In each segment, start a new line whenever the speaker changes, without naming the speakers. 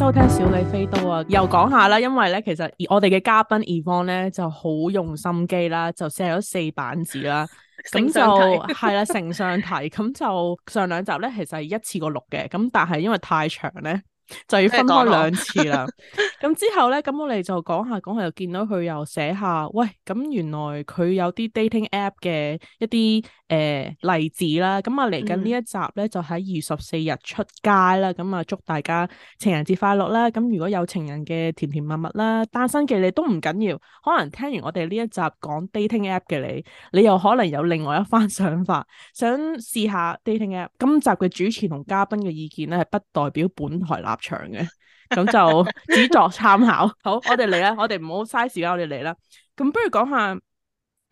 收聽小李飛刀啊！又講下啦，因為咧其實我哋嘅嘉賓 Yvonne 咧就好用心機啦，就寫咗四版字啦。咁 就係啦、 啊，成上題咁 就上兩集咧，其實係一次過錄嘅，咁但係因為太長咧。就要分開兩次啦。咁 之後咧，咁我哋就講下講下，又見到佢又寫下，喂，咁原來佢有啲 dating app 嘅一啲誒、呃、例子啦。咁啊，嚟緊呢一集咧，就喺二十四日出街啦。咁啊，祝大家情人節快樂啦。咁如果有情人嘅甜甜蜜蜜啦，單身嘅你都唔緊要。可能聽完我哋呢一集講 dating app 嘅你，你又可能有另外一番想法，想試下 dating app。今集嘅主持同嘉賓嘅意見咧，係不代表本台立長嘅，咁就只作參考。好，我哋嚟啦，我哋唔好嘥時間，我哋嚟啦。咁不如講下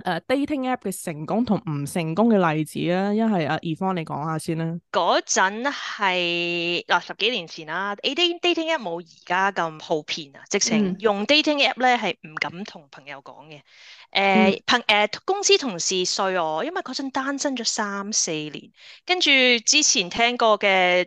誒 dating app 嘅成功同唔成功嘅例子啊。一係，Yvonne，你講下先啦。
嗰陣係嗱，十幾年前啦、啊、，dating dating app 冇而家咁普遍啊，直情用 dating app 咧係唔敢同朋友講嘅。誒、呃，朋誒、嗯呃，公司同事衰我，因為嗰陣單身咗三四年，跟住之前聽過嘅。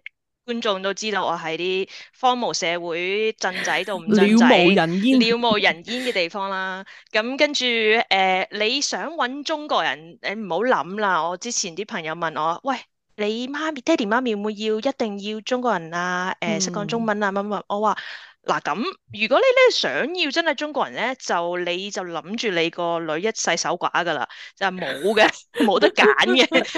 觀眾都知道我喺啲荒蕪社會、鎮仔到唔鎮仔、渺無人煙、渺無人煙嘅地方啦。咁跟住誒、呃，你想揾中國人，你唔好諗啦。我之前啲朋友問我：喂，你媽咪、爹哋、媽咪會要一定要中國人啊？誒、呃，識講中文啊？乜乜、嗯、我話。嗱咁、啊，如果你咧想要真係中國人咧，就你就諗住你個女一世守寡噶啦，就冇嘅，冇 得揀嘅。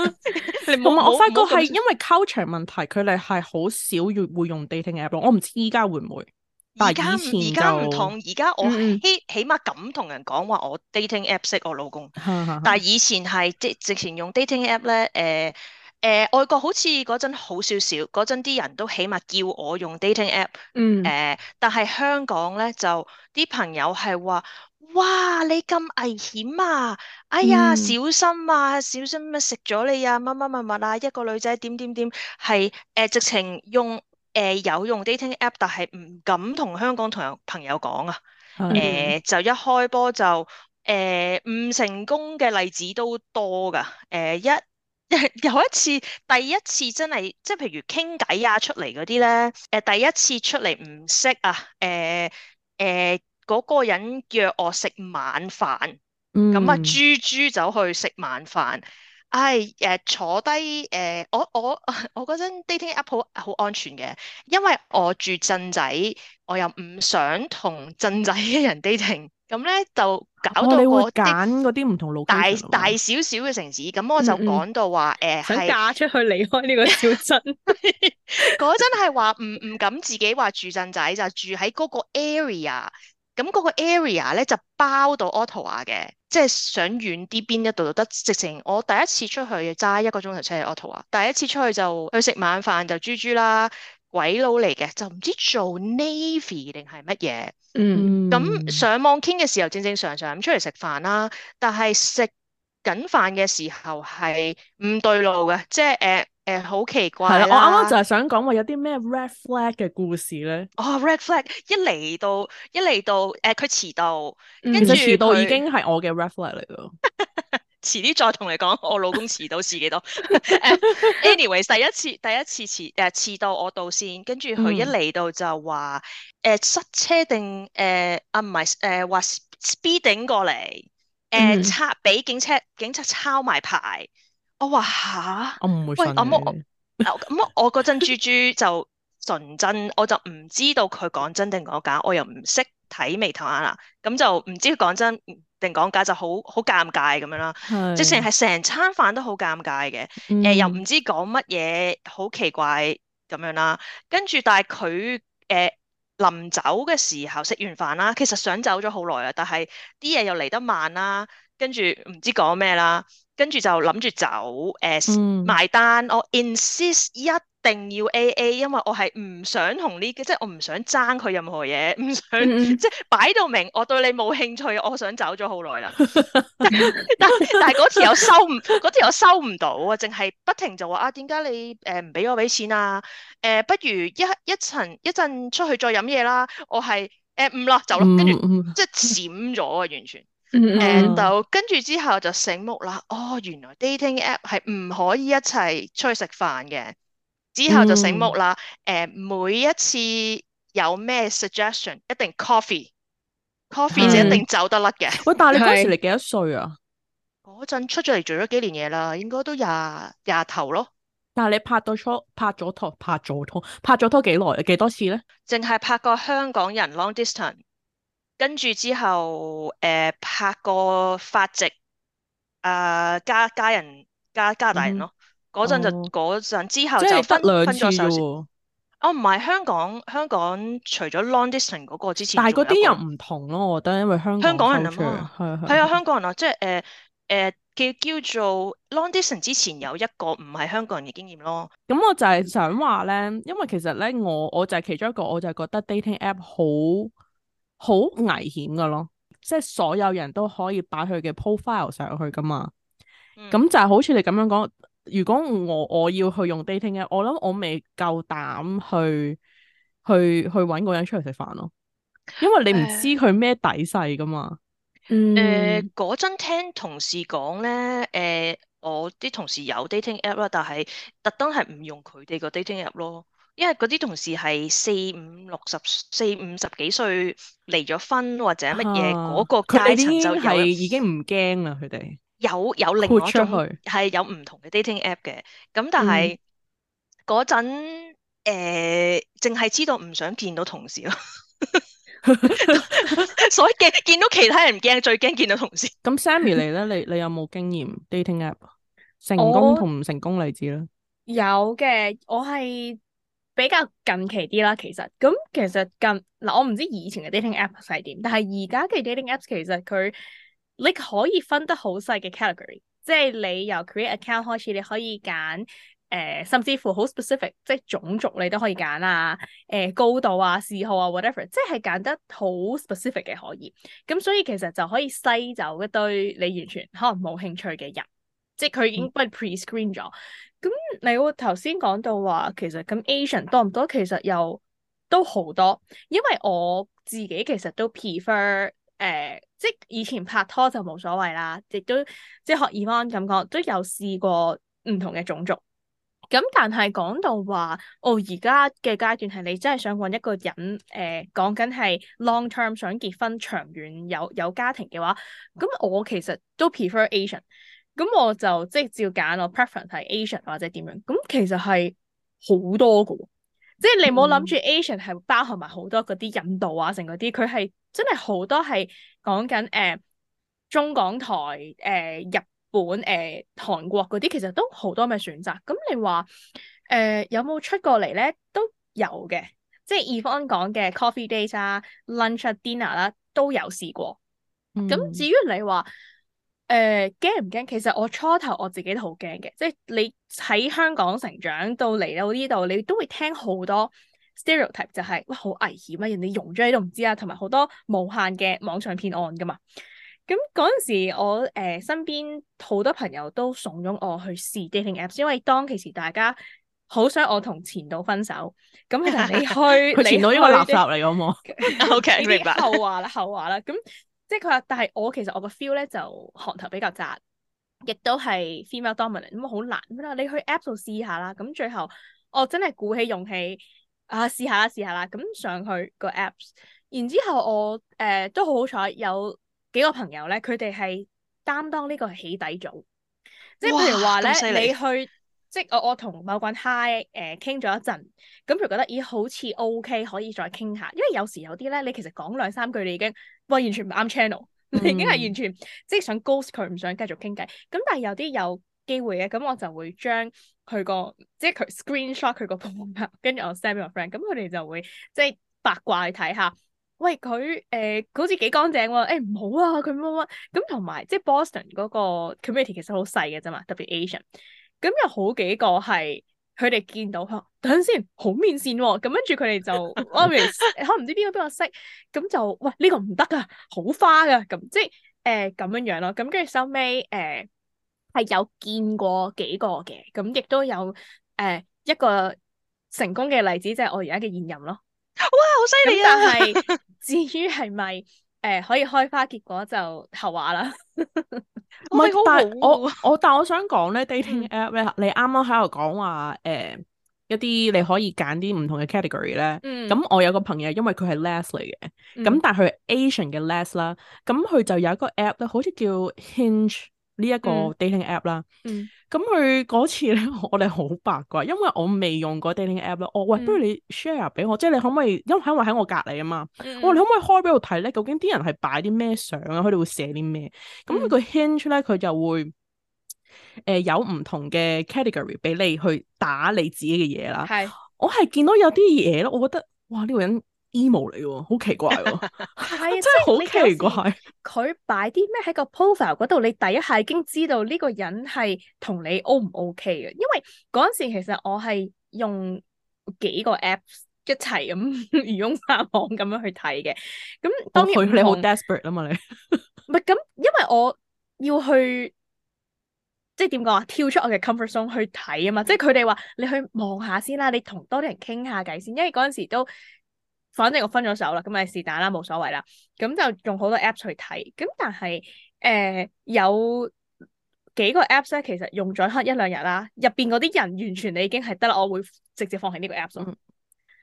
同埋 有我發覺係因為 culture 問題，佢哋係好少會用 dating app。我唔知依家會唔會，但係以前而家唔同。而
家我起起碼敢同人講話我 dating app 識我老公，
但係以
前係即係之前用 dating app 咧，誒、呃。誒、呃、外國好似嗰陣好少少，嗰陣啲人都起碼叫我用 dating app。嗯。誒、呃，但係香港咧就啲朋友係話，哇，你咁危險啊！哎呀，嗯、小心啊，小心乜食咗你啊，乜乜乜乜啊！一個女仔點點點，係誒、呃、直情用誒、呃、有用 dating app，但係唔敢同香港同朋友講啊。誒、嗯呃、就一開波就誒唔、呃、成功嘅例子都多㗎。誒、呃、一有一次，第一次真係，即係譬如傾偈啊出嚟嗰啲咧，誒、呃、第一次出嚟唔識啊，誒誒嗰個人約我食晚飯，咁啊、嗯、豬豬走去食晚飯，唉、哎、誒、呃、坐低誒、呃、我我我嗰陣 dating app 好好安全嘅，因為我住鎮仔，我又唔想同鎮仔嘅人 dating。.咁咧就搞到我
揀嗰啲唔同路
大，大大少少嘅城市。咁我就講到話，誒、嗯嗯，呃、想嫁出去離開呢個小鎮。嗰陣係話唔唔敢自己話住鎮仔，就住喺嗰個 area。咁嗰個 area 咧就包到渥太華嘅，即係想遠啲邊一度都得。直情我第一次出去揸一個鐘頭車去渥太華，第一次出去就去食晚飯就豬豬啦。鬼佬嚟嘅，就唔知做 Navy 定係乜嘢。
嗯，
咁上網傾嘅時候正正常常咁出嚟食飯啦，但係食緊飯嘅時候係唔對路嘅，即係誒誒好奇怪。係啦，嗯、我啱啱就係想
講話有啲咩 red flag 嘅故事咧。
哦，red flag 一嚟到一嚟到
誒佢、呃、遲到，跟住、嗯、遲到已經係我嘅 red flag 嚟咯。
遲啲再同你講，我老公遲到遲幾多？anyways，第一次第一次遲誒、呃、遲到我到先，跟住佢一嚟到就話誒、嗯呃、塞車定誒啊唔係誒話 speeding 過嚟，
誒抄
俾警車警察抄埋牌，我話吓、啊啊？我唔會喂，我咁、啊啊、我我嗰陣豬豬就純真，我就唔知道佢講真定講假，我又唔識。睇眉頭眼啦，咁就唔知講真定講假，就好好尷尬咁樣啦，是即係成係成餐飯都好尷尬嘅，誒、嗯呃、又唔知講乜嘢，好奇怪咁樣啦。跟住但係佢誒臨走嘅時候食完飯啦，其實想走咗好耐啦，但係啲嘢又嚟得慢啦，跟住唔知講咩啦，跟住就諗住走，誒、呃、埋單，我、嗯、insist 一定要 A A，因為我係唔想同呢、呢個，即係我唔想爭佢任何嘢，唔想、嗯、即係擺到明，我對你冇興趣，我想走咗好耐啦。
但但係嗰次又
收唔，嗰次又收唔到啊，淨係、呃、不停就話啊，點解你誒唔俾我俾錢啊？誒、呃，不如一一層一陣出去再飲嘢啦。我係誒唔啦，走、呃、啦，跟住即係閃咗啊，完全誒就跟住之後就醒目啦。哦，原來 dating app 係唔可以一齊出去食飯嘅。之後就醒目啦，誒、嗯，每一次有咩 suggestion，一定 coffee，coffee
就是一定走得甩嘅。喂，但係你嗰時你幾多歲啊？
嗰陣 是出咗嚟做
咗幾年嘢啦，應該都廿廿頭咯。但係你拍到初拍咗拖，拍咗拖，拍咗拖幾耐啊？幾多，多次咧？
淨係拍過香港人 long distance，跟住之後誒、呃，拍過法籍，誒、呃，加加人加加大人咯。嗯嗰陣就嗰陣、哦、之後就分兩、啊、分咗手。哦，唔係香港，香港除咗 long distance 嗰個之前但那個，但係嗰啲又
唔同咯。我覺得因為香港，香港人啊嘛，係啊，
香港人啊，即係誒誒叫叫做 long distance 之前有一個唔係香港人嘅經驗咯。
咁我就係想話咧，因為其實咧我我就係其中一個，我就係覺得 dating app 好好危險噶咯。即、就、係、是、所有人都可以擺佢嘅 profile 上去噶嘛。咁、嗯、就係好似你咁樣講。如果我我要去用 dating app，我諗我未夠膽去去去搵個人出嚟食飯咯，因為你唔知佢咩底細㗎嘛。誒
嗰陣聽同事講咧，誒、呃、我啲同事有 dating app 啦，但係特登係唔用佢哋個 dating app 咯，因為嗰啲同事係四五六十四五十幾歲離咗婚或者乜嘢嗰個階層就係
已經唔驚啦，佢哋。
有有另外一種係有唔同嘅 dating app 嘅，咁但係嗰陣誒，淨係知道唔想見到同事咯，所以見見到其他人唔驚，最驚見到同事。咁
Sammy 嚟咧，你你有冇經驗 dating app 成功同唔成功例子咧？
有嘅，我係比較近期啲啦。其實咁其實近嗱，我唔知以前嘅 dating app 係點，但係而家嘅 dating app 其實佢。你可以分得好細嘅 category，即係你由 create account 開始，你可以揀誒、呃，甚至乎好 specific，即係種族你都可以揀啊，誒、呃、高度啊，嗜好啊，whatever，即係揀得好 specific 嘅可以。咁所以其實就可以篩走一堆你完全可能冇興趣嘅人，即係佢已經不 pre screen 咗。咁你會頭先講到話，其實咁 Asian 多唔多？其實又都好多，因為我自己其實都 prefer 誒、呃。即以前拍拖就冇所謂啦，亦都即係學 Yvonne 咁講，都有試過唔同嘅種族。咁但係講到話，哦而家嘅階段係你真係想揾一個人，誒講緊係 long term 想結婚長遠有有家庭嘅話，咁我其實都 prefer Asian。咁我就即係照揀我 preference 係 Asian 或者點樣。咁其實係好多嘅，嗯、即係你冇諗住 Asian 係包含埋好多嗰啲印度啊，成嗰啲佢係真係好多係。講緊誒中港台誒、呃、日本誒、呃、韓國嗰啲，其實都好多咩選擇。咁你話誒、呃、有冇出過嚟咧？都有嘅，即係 Yvonne 講嘅 coffee date 啊、lunch dinner 啦，都有試過。
咁、嗯、至
於你話誒驚唔驚？其實我初頭我自己都好驚嘅，即係你喺香港成長到嚟到呢度，你都會聽好多。stereotype 就係，是，哇好危險啊，人哋融咗你都唔知啊，同埋好多無限嘅網上騙案㗎嘛。咁嗰陣時我，我，呃、誒身邊好多朋友都慫恿我去試 dating apps 因為當其時大家好想我同前度分手。
咁其實你去， 你去前度呢個垃圾嚟啊嘛。 OK 明
白。後話啦，後話啦。咁即係佢話，但係我其實我個 feel 咧就行頭比較窄，亦都係 female dominant 咁好難。咁你去 app 度試下啦。咁最後我真係鼓起勇氣。啊，試下啦，試下啦。咁上去、這個 Apps，然之後我誒、呃、都好好彩，有幾個朋友咧，佢哋係擔當呢個起底組，
即係譬如話咧，你去，
即係我我同某個人 high 誒傾咗一陣，咁佢覺得咦好似 OK，可以再傾下，因為有時有啲咧，你其實講兩三句你已經，喂，完全唔啱 channel，你已經係完全、嗯、即係想 ghost 佢，唔想繼續傾偈。咁但係有啲又～機會咧，咁我就會將佢個即係佢 screen shot 佢個 p o 跟住我 send 俾我 friend，咁佢哋就會即係八卦去睇下，喂佢誒、呃、好似幾乾淨喎，唔、哎、好啊，佢乜乜咁，同埋即係 Boston 嗰個 community 其實好細嘅啫嘛，特別 Asian，咁有好幾個係佢哋見到等陣先，好面善喎、啊，咁跟住佢哋就 always 可唔知邊個邊個識，咁就喂呢、這個唔得噶，好花噶，咁即係誒咁樣樣咯，咁跟住收尾誒。係有見過幾個嘅，咁亦都有誒、呃、一個成功嘅例子，即係我而家嘅現任咯。哇，
好犀利啊！ 但係
至於係咪誒可以開花結果就後話啦。
唔 係但， 但係 我我但係我想講咧，dating app 咧，你啱啱喺度講話誒一啲你可以揀啲唔同嘅 category 咧。咁、嗯、我有個朋友，因為佢係 les 嚟嘅、嗯，咁但係佢係 Asian 嘅 les 啦，咁佢就有一個 app 咧，好似叫 Hinge。呢一個 dating app 啦，咁佢嗰次咧，我哋好八卦，因為我未用過 dating app 咧，我喂，不如你 share 俾我，嗯、即係你可唔可以，因為因為喺我隔籬啊嘛，嗯、我你可唔可以開俾我睇咧？究竟啲人係擺啲咩相啊？佢哋會寫啲咩？咁佢 Hinge 咧，佢就會誒、呃、有唔同嘅 category 俾你去打你自己嘅嘢啦。係是，我係見到有啲嘢咯，我覺得哇呢、呢個人。emo 嚟好奇怪喎，係真係好奇怪，
佢擺啲咩喺個 profile 嗰度，你第一下已經知道呢個人係同你 O 唔 O K 嘅，因為嗰陣時其實我係用幾個 apps 一齊咁 漁翁撒網咁樣去睇嘅，
咁當然、哦、你好 desperate 啊嘛，你
唔係咁， 因為我要去即係點講啊，跳出我嘅 comfort zone 去睇啊嘛，嗯、即係佢哋話你去望下先啦，你同多啲人傾下偈先，因為嗰陣時都。反正我分咗手啦，咁咪是但啦，冇所謂啦。咁就用好多 app 去睇，咁但係誒、呃、有幾個 app 咧、啊，其實用咗黑一兩日啦，入邊嗰啲人完全你已經係得啦，我會直接放棄呢個 app 咯。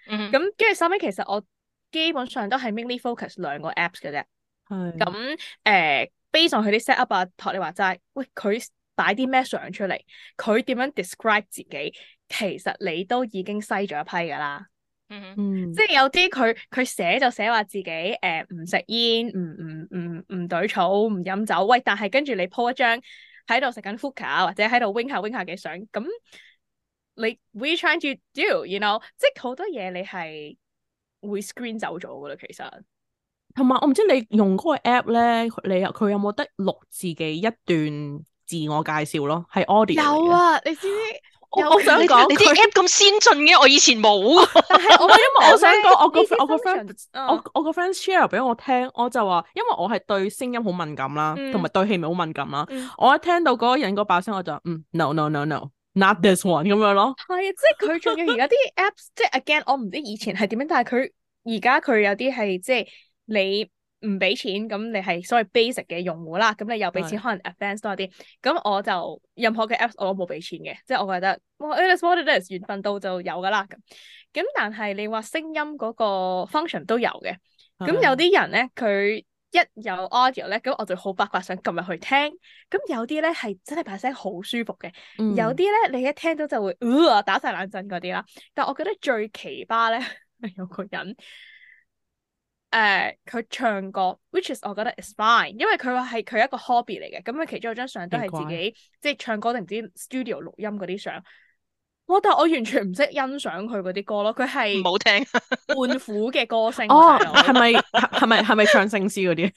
嗯
哼。
咁跟住收尾，其實我基本上都係 mainly focus 兩個 app 嘅啫。係是。咁誒 base 上去啲 set up 啊，托、呃、你話齋，喂佢擺啲 message 出嚟，佢點樣 describe 自己，其實你都已經篩咗一批噶啦。嗯，mm hmm。即係有啲佢佢寫就寫話自己誒唔食煙，唔唔唔唔對草，唔飲酒。喂，但係跟住你鋪一張喺度食緊 hookah，或者喺度 wing 下 wing 下嘅相，咁你 we trying to do，you know，即係好多嘢你係會 screen 走咗噶啦，其實。
同埋我唔知你用嗰個 app 咧，你佢有冇得錄自己一段自我介紹咯？係 audio 嚟嘅。有啊，你
知唔知？我，你我想講，你
啲 app 咁先進嘅，我以前冇。 但係我 因為我想講，我個我個 friend 我我個 friend share 俾我聽，我就話，因為我係對聲音好敏感啦，同埋、嗯、對氣味好敏感啦。嗯、我一聽到嗰個人嗰把聲，我就嗯 no no no no not this one 咁樣咯。係， 即係佢仲要而家啲 apps，即
係 again，我唔知以前係點樣，但係佢而家佢有啲係即係你。唔俾錢，咁你係所謂 basic 嘅用戶啦，咁你又俾錢的可能 advance 多啲。咁我就任何嘅 app 我都冇俾錢嘅，即係我覺得哇，desperate des，緣分到就有噶啦。咁咁但係你話聲音嗰個 function 都有嘅。咁有啲人咧，佢一有 audio 咧，咁我就好八卦想撳入去聽。咁有啲咧係真係把聲好舒服嘅，嗯、有啲咧你一聽到就會，呃、打晒冷震嗰啲啦。但我覺得最奇葩咧係 有個人。誒佢、uh, 唱歌，which is 我覺得 is fine，因為佢話係佢一個 hobby 嚟嘅，咁佢其中有張相都係自己怪即係唱歌定唔知 studio 錄音嗰啲相。哇！但係我完全唔識欣賞佢嗰啲歌咯，佢係胖虎嘅歌聲。 對哦，係
咪係咪係咪唱聖詩嗰啲？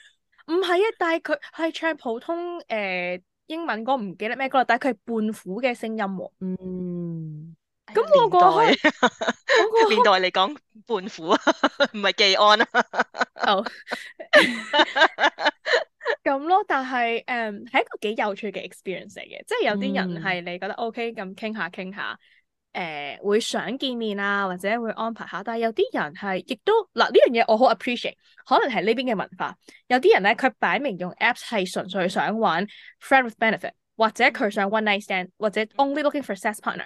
唔係啊，但係佢係唱普通誒、呃、英文歌，唔記得咩歌啦，但係佢係胖虎嘅聲音喎、啊。嗯。
咁我過去，
代， 年代嚟講伴夫啊，唔係 寄安啊，
咁咯。但係誒，係、um, 一個幾有趣嘅 experience 嚟嘅，即係有啲人係你覺得、嗯、OK 咁傾下傾下，誒、呃、會想見面啊，或者會安排下。但係有啲人係亦都嗱呢樣嘢，呃、我好 appreciate，可能係呢邊嘅文化。有啲人咧，佢擺明用 Apps 係純粹想玩 friend with benefit，或者佢想 one night stand，或者 only looking for sex partner。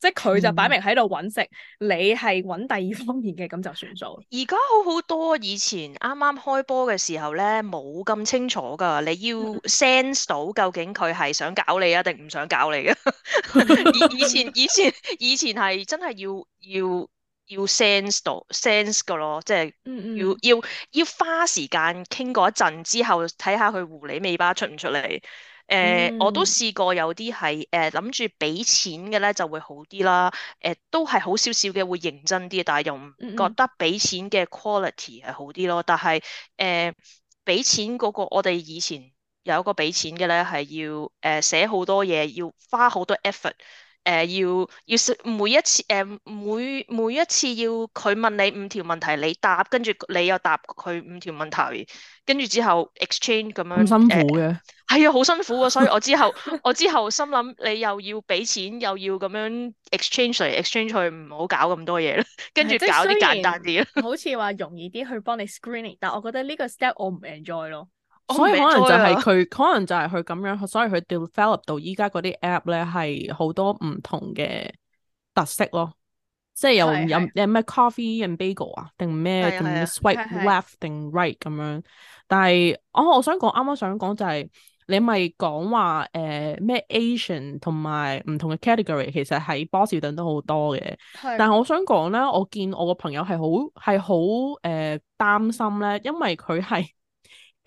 即係佢就擺明喺度揾食，嗯、你係揾第二方面嘅咁就算數。
而家好好多，以剛剛 以，以前啱啱開波嘅時候咧，冇咁清楚噶。你要 sense 到究竟佢係想搞你啊，定唔想搞你啊？以前以前以前係真係要要要 sense 到 sense 到 sense 噶咯，即、就、係、是、要嗯嗯要要花時間傾過一陣之後，睇下佢狐狸尾巴出唔出嚟。誒，uh, mm hmm. 我都試過有啲係誒，諗住俾錢嘅咧就會好啲啦。誒，uh，都係好少少嘅會認真啲，但係又唔覺得俾錢嘅 quality 係好啲咯。Mm hmm. 但係誒，uh，俾錢嗰個我哋以前有一個俾錢嘅咧係要誒寫好多嘢，要花好多 effort。誒、呃，要要每一次，誒、呃、每每一次要佢問你五條問題，你答，跟住你又答佢五條問題，跟住之後 exchange 咁樣。好辛苦嘅，係啊、呃，好辛苦啊，所以我之後 我之後心諗，你又要俾錢，又要咁樣 exchange 嚟 exchange 去，唔好搞咁多嘢啦，跟住搞啲簡單啲啦。 好似話容易
啲去幫你 screening，但我覺得呢個 step 我唔 enjoy 咯。所以可能就係佢，
可能就係佢咁樣，所以佢 develop 到依家嗰啲 app 咧，係好多唔同嘅特色咯。即係又有咩 coffee 是 and bagel 啊，定咩定 s w e e t left 定 right 咁樣。但係、哦，我我想講啱啱想講就係你咪講話誒咩 Asian 同埋唔同嘅 category，其實喺波士 s 都好多嘅。但係我想講咧，我見我個朋友係好係好誒擔心咧，因為佢係。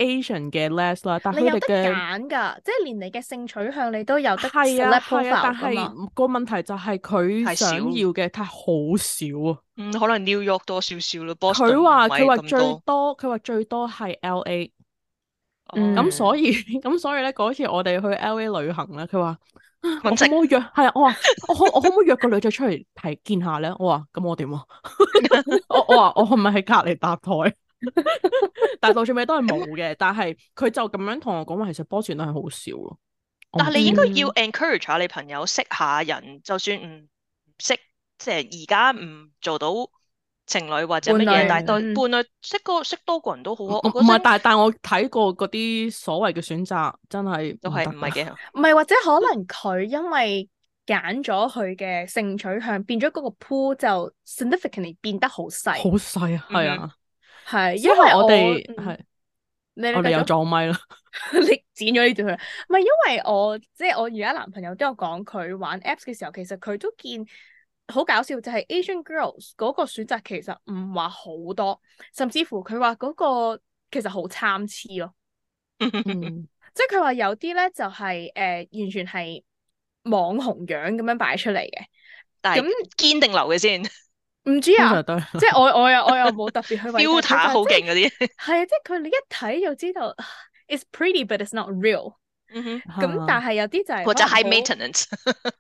Asian 嘅 less 啦，但係你有得揀
噶，即係連你嘅性取向你都有得 flexible 啊，但係
個問題就係佢想要嘅，太好少啊。可能 New York 多少少啦。佢話佢話最多，佢話最多係 LA。咁所以咁所以咧，嗰次我哋去 LA 旅行咧，佢話我可唔可以約係啊？我話我可我可唔可以約個女仔出嚟睇見下咧？我話咁我點啊？我我話我係咪喺隔離搭台？ 但係到最尾都係冇嘅。嗯、但係佢就咁樣同我講話，其實波選都係好少咯。但係你應該
要 encourage 下你朋友識下人，就算唔識，即係而家唔
做到情侶
或者乜嘢，但係對伴侶識個、嗯、識多個人都好好。唔係、嗯，但
係但係我睇過嗰啲所謂嘅選擇，真係都係唔係幾，唔係、okay,
或者可能佢因為揀咗佢嘅性取向，變咗嗰個 pool 就 significantly 變得好細，好細啊，係啊。嗯係，因為我哋係，我哋有撞
咪咯。
你剪咗呢段佢，唔係因為我，即係我而家男朋友都有講佢玩 apps 嘅時候，其實佢都見好搞笑，就係、是、Asian girls 嗰個選擇其實唔話好多，甚至乎佢話嗰個其實好參差咯。 嗯、即係佢話有啲咧就係、是、誒、呃，完全係網紅樣咁樣擺出嚟嘅。咁堅是那定流
嘅先？唔知啊，即
係我我又我又冇特別去標 塔好勁嗰啲，係啊，即係佢你一睇就知道 ，It's pretty but it's not real。咁、嗯、哼但係有啲就係或者 high maintenance，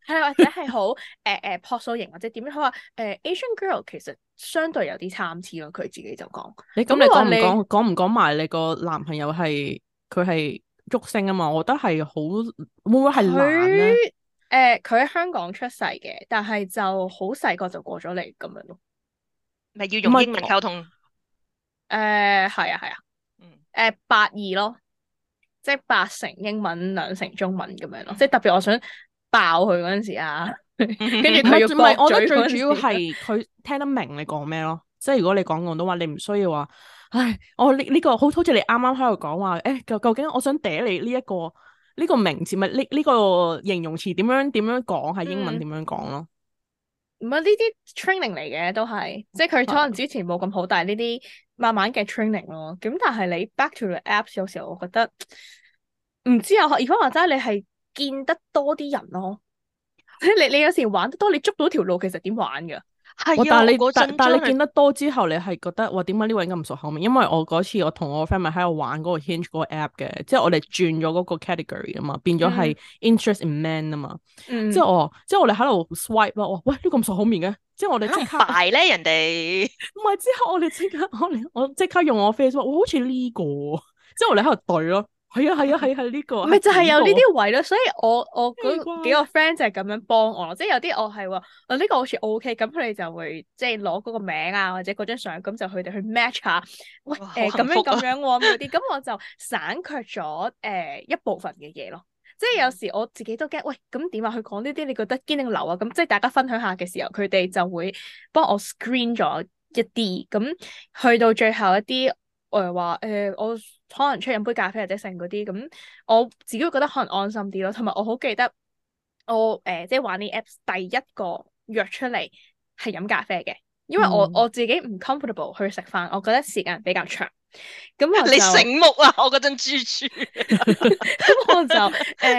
係或者係好誒誒樸素型或者點樣，佢話誒 Asian girl 其實相對有啲參差咯，佢自己就講。嗯、你咁你講唔講
講唔講埋你個男朋友係佢係竹升啊嘛？我覺得係好會唔會係女？」
誒，佢喺、呃、香港出世嘅，但係就好細個就過咗嚟咁樣咯。咪要用英文溝通？誒、呃，係、呃、啊，係、呃、啊。誒、呃，八二咯，即係八成英文，兩成中文咁樣咯。嗯、即係特別，我想爆佢嗰陣時啊，跟住佢唔係，我覺得最主要係
佢聽得明你講咩咯。 即係如果你講廣東話，你唔需要話，唉，我呢呢、呢個好好似你啱啱喺度講話，誒、哎，究究竟我想嗲你呢、這、一個。呢個名字，咪呢呢個形容詞點樣點樣講係英文點樣講咯？
唔係呢啲 training 嚟嘅都係，即係佢可能之前冇咁好，嗯、但係呢啲慢慢嘅 training 咯。咁但係你 back to the apps，有時候我覺得唔知啊。如果話齋，你係見得多啲人咯。 你你有時玩得多，你捉到條路其實點玩㗎？係，但係你但但係你見得
多之後，你係覺得哇，點解呢位咁唔熟口面？因為我嗰次我同我個 friend 咪喺度玩嗰個 Hinge 嗰個 app 嘅，即係我哋轉咗嗰個 category 啊嘛，變咗係 interest in man 啊嘛，嗯、即係我、哦，即係我哋喺度 swipe 咯，哇，喂，呢、呢個咁熟口面嘅，即係我哋即刻，大咧人哋，唔係 之後我哋即刻，我我即刻用我 Facebook，我好似呢、呢個，之後我哋喺度對咯。係啊係啊係係呢個，唔係就係有呢啲
位咯，所以我我嗰幾個 friend 就係咁樣幫我，吧即係有啲我係，話、啊、呢、呢個好似 O K，咁佢哋就會即係攞嗰個名啊或者嗰張相，咁就佢哋去 match 下。喂，誒咁樣咁樣喎嗰啲，咁我就省卻咗誒、呃、一部分嘅嘢咯，即係有時我自己都驚，喂咁點啊去講呢啲？你覺得堅定流啊？咁即係大家分享下嘅時候，佢哋就會幫我 screen 咗一啲，咁去到最後一啲誒話誒我。呃我可能出去飲杯咖啡或者剩嗰啲咁，我自己會覺得可能安心啲咯。同埋我好記得我誒、呃、即係玩啲 Apps，第一個約出嚟係飲咖啡嘅，因為我、嗯、我自己唔 comfortable 去食飯，我覺得時間比較長。咁你醒
目啊！我嗰陣豬豬，
咁 我就誒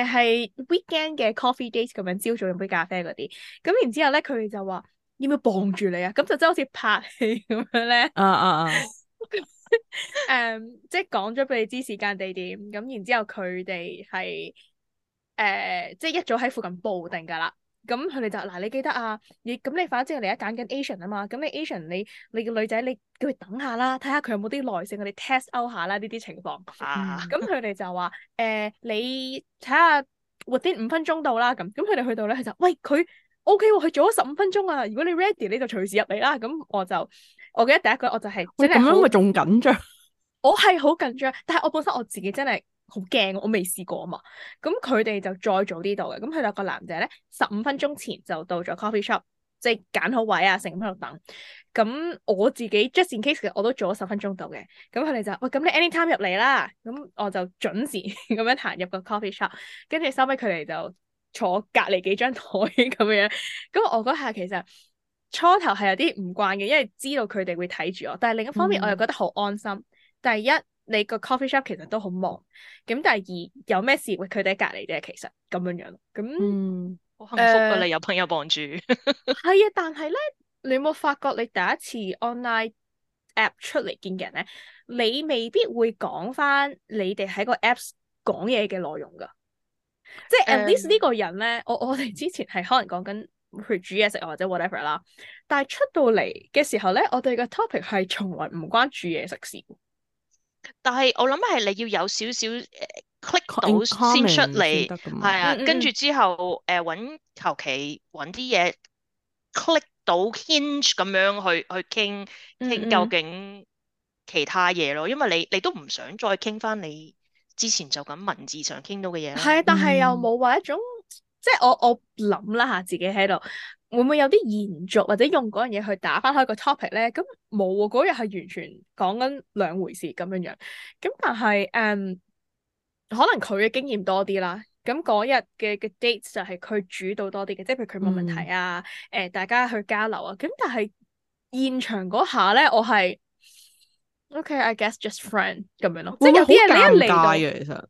係、呃、weekend 嘅 coffee date 咁樣，朝早飲杯咖啡嗰啲。咁然之後咧，佢哋就話要唔要傍住你啊？咁就真係好似拍
戲咁樣咧。啊啊啊！
誒， um, 即係講咗俾你知時間地點，咁然之後佢哋係誒，即係一早喺附近報定噶啦。咁佢哋就嗱、啊，你記得啊，你咁你反正你而家揀緊 Asian 啊嘛，咁你 Asian 你你個女仔你叫佢等下啦，睇下佢有冇啲耐性，我哋 test out 下啦呢啲情況啊。咁佢哋就話誒、呃，你睇下 within 啲五分鐘到啦。咁咁佢哋去到咧，佢就喂佢 OK 佢、哦、做咗十五分鐘啊。如果你 ready，你就隨時入嚟啦。咁我就。我記得第一句我就係，你咁樣咪仲緊張？我係好緊張，但係我本身我自己真係好驚，我未試過啊嘛。咁佢哋就再早呢度嘅，咁佢哋個男仔咧十五分鐘前就到咗 coffee shop，即係揀好位啊，成咁喺度等。咁我自己 just in case 我都早咗十分鐘到嘅。咁佢哋就喂，咁你 any time 入嚟啦。咁我就準時咁樣行入個 coffee shop，跟住收尾佢哋就坐隔離幾張枱咁樣。咁我嗰下其實～初頭係有啲唔慣嘅，因為知道佢哋會睇住我，但係另一方面，嗯、我又覺得好安心。第一，你個 coffee shop 其實都好忙，咁第二有咩事，喂佢哋喺隔籬啫，其實咁樣樣。咁好，嗯、
幸福噶，啊呃，你有朋友幫住。
係 啊，但係咧，你有冇發覺你第一次 online app 出嚟見嘅人咧，你未必會講翻你哋喺個 apps 講嘢嘅內容噶。即、就、係、是呃、at least 呢個人咧，嗯，我我哋之前係可能講緊。去煮嘢食或者 whatever 啦。但係出到嚟嘅時候咧，我哋個 topic 係從來唔關煮嘢食
事的。但係我諗係你要有少少、呃、
click 到先出嚟，係啊，跟住、嗯、之
後誒揾求其揾啲嘢 click 到 hinge 咁樣去去傾傾究竟其他嘢咯。因為你你都唔想再傾翻你之前就咁文字上傾到嘅嘢，係啊，
但係又冇話一種。即係我我諗啦吓，自己喺度會唔會有啲延續或者用嗰樣嘢去打翻開個 topic 咧？咁冇啊，嗰日係完全講緊兩回事咁樣樣。咁但係誒，um, 可能佢嘅經驗多啲啦。咁嗰日嘅嘅 date 就係佢主導多啲嘅，即係譬如佢冇問題啊，誒、嗯呃、大家去交流啊。咁但係現場嗰下咧，我係 OK，okay, I guess just friend 咁樣咯。會會即係有啲嘢你一嚟到嘅其實。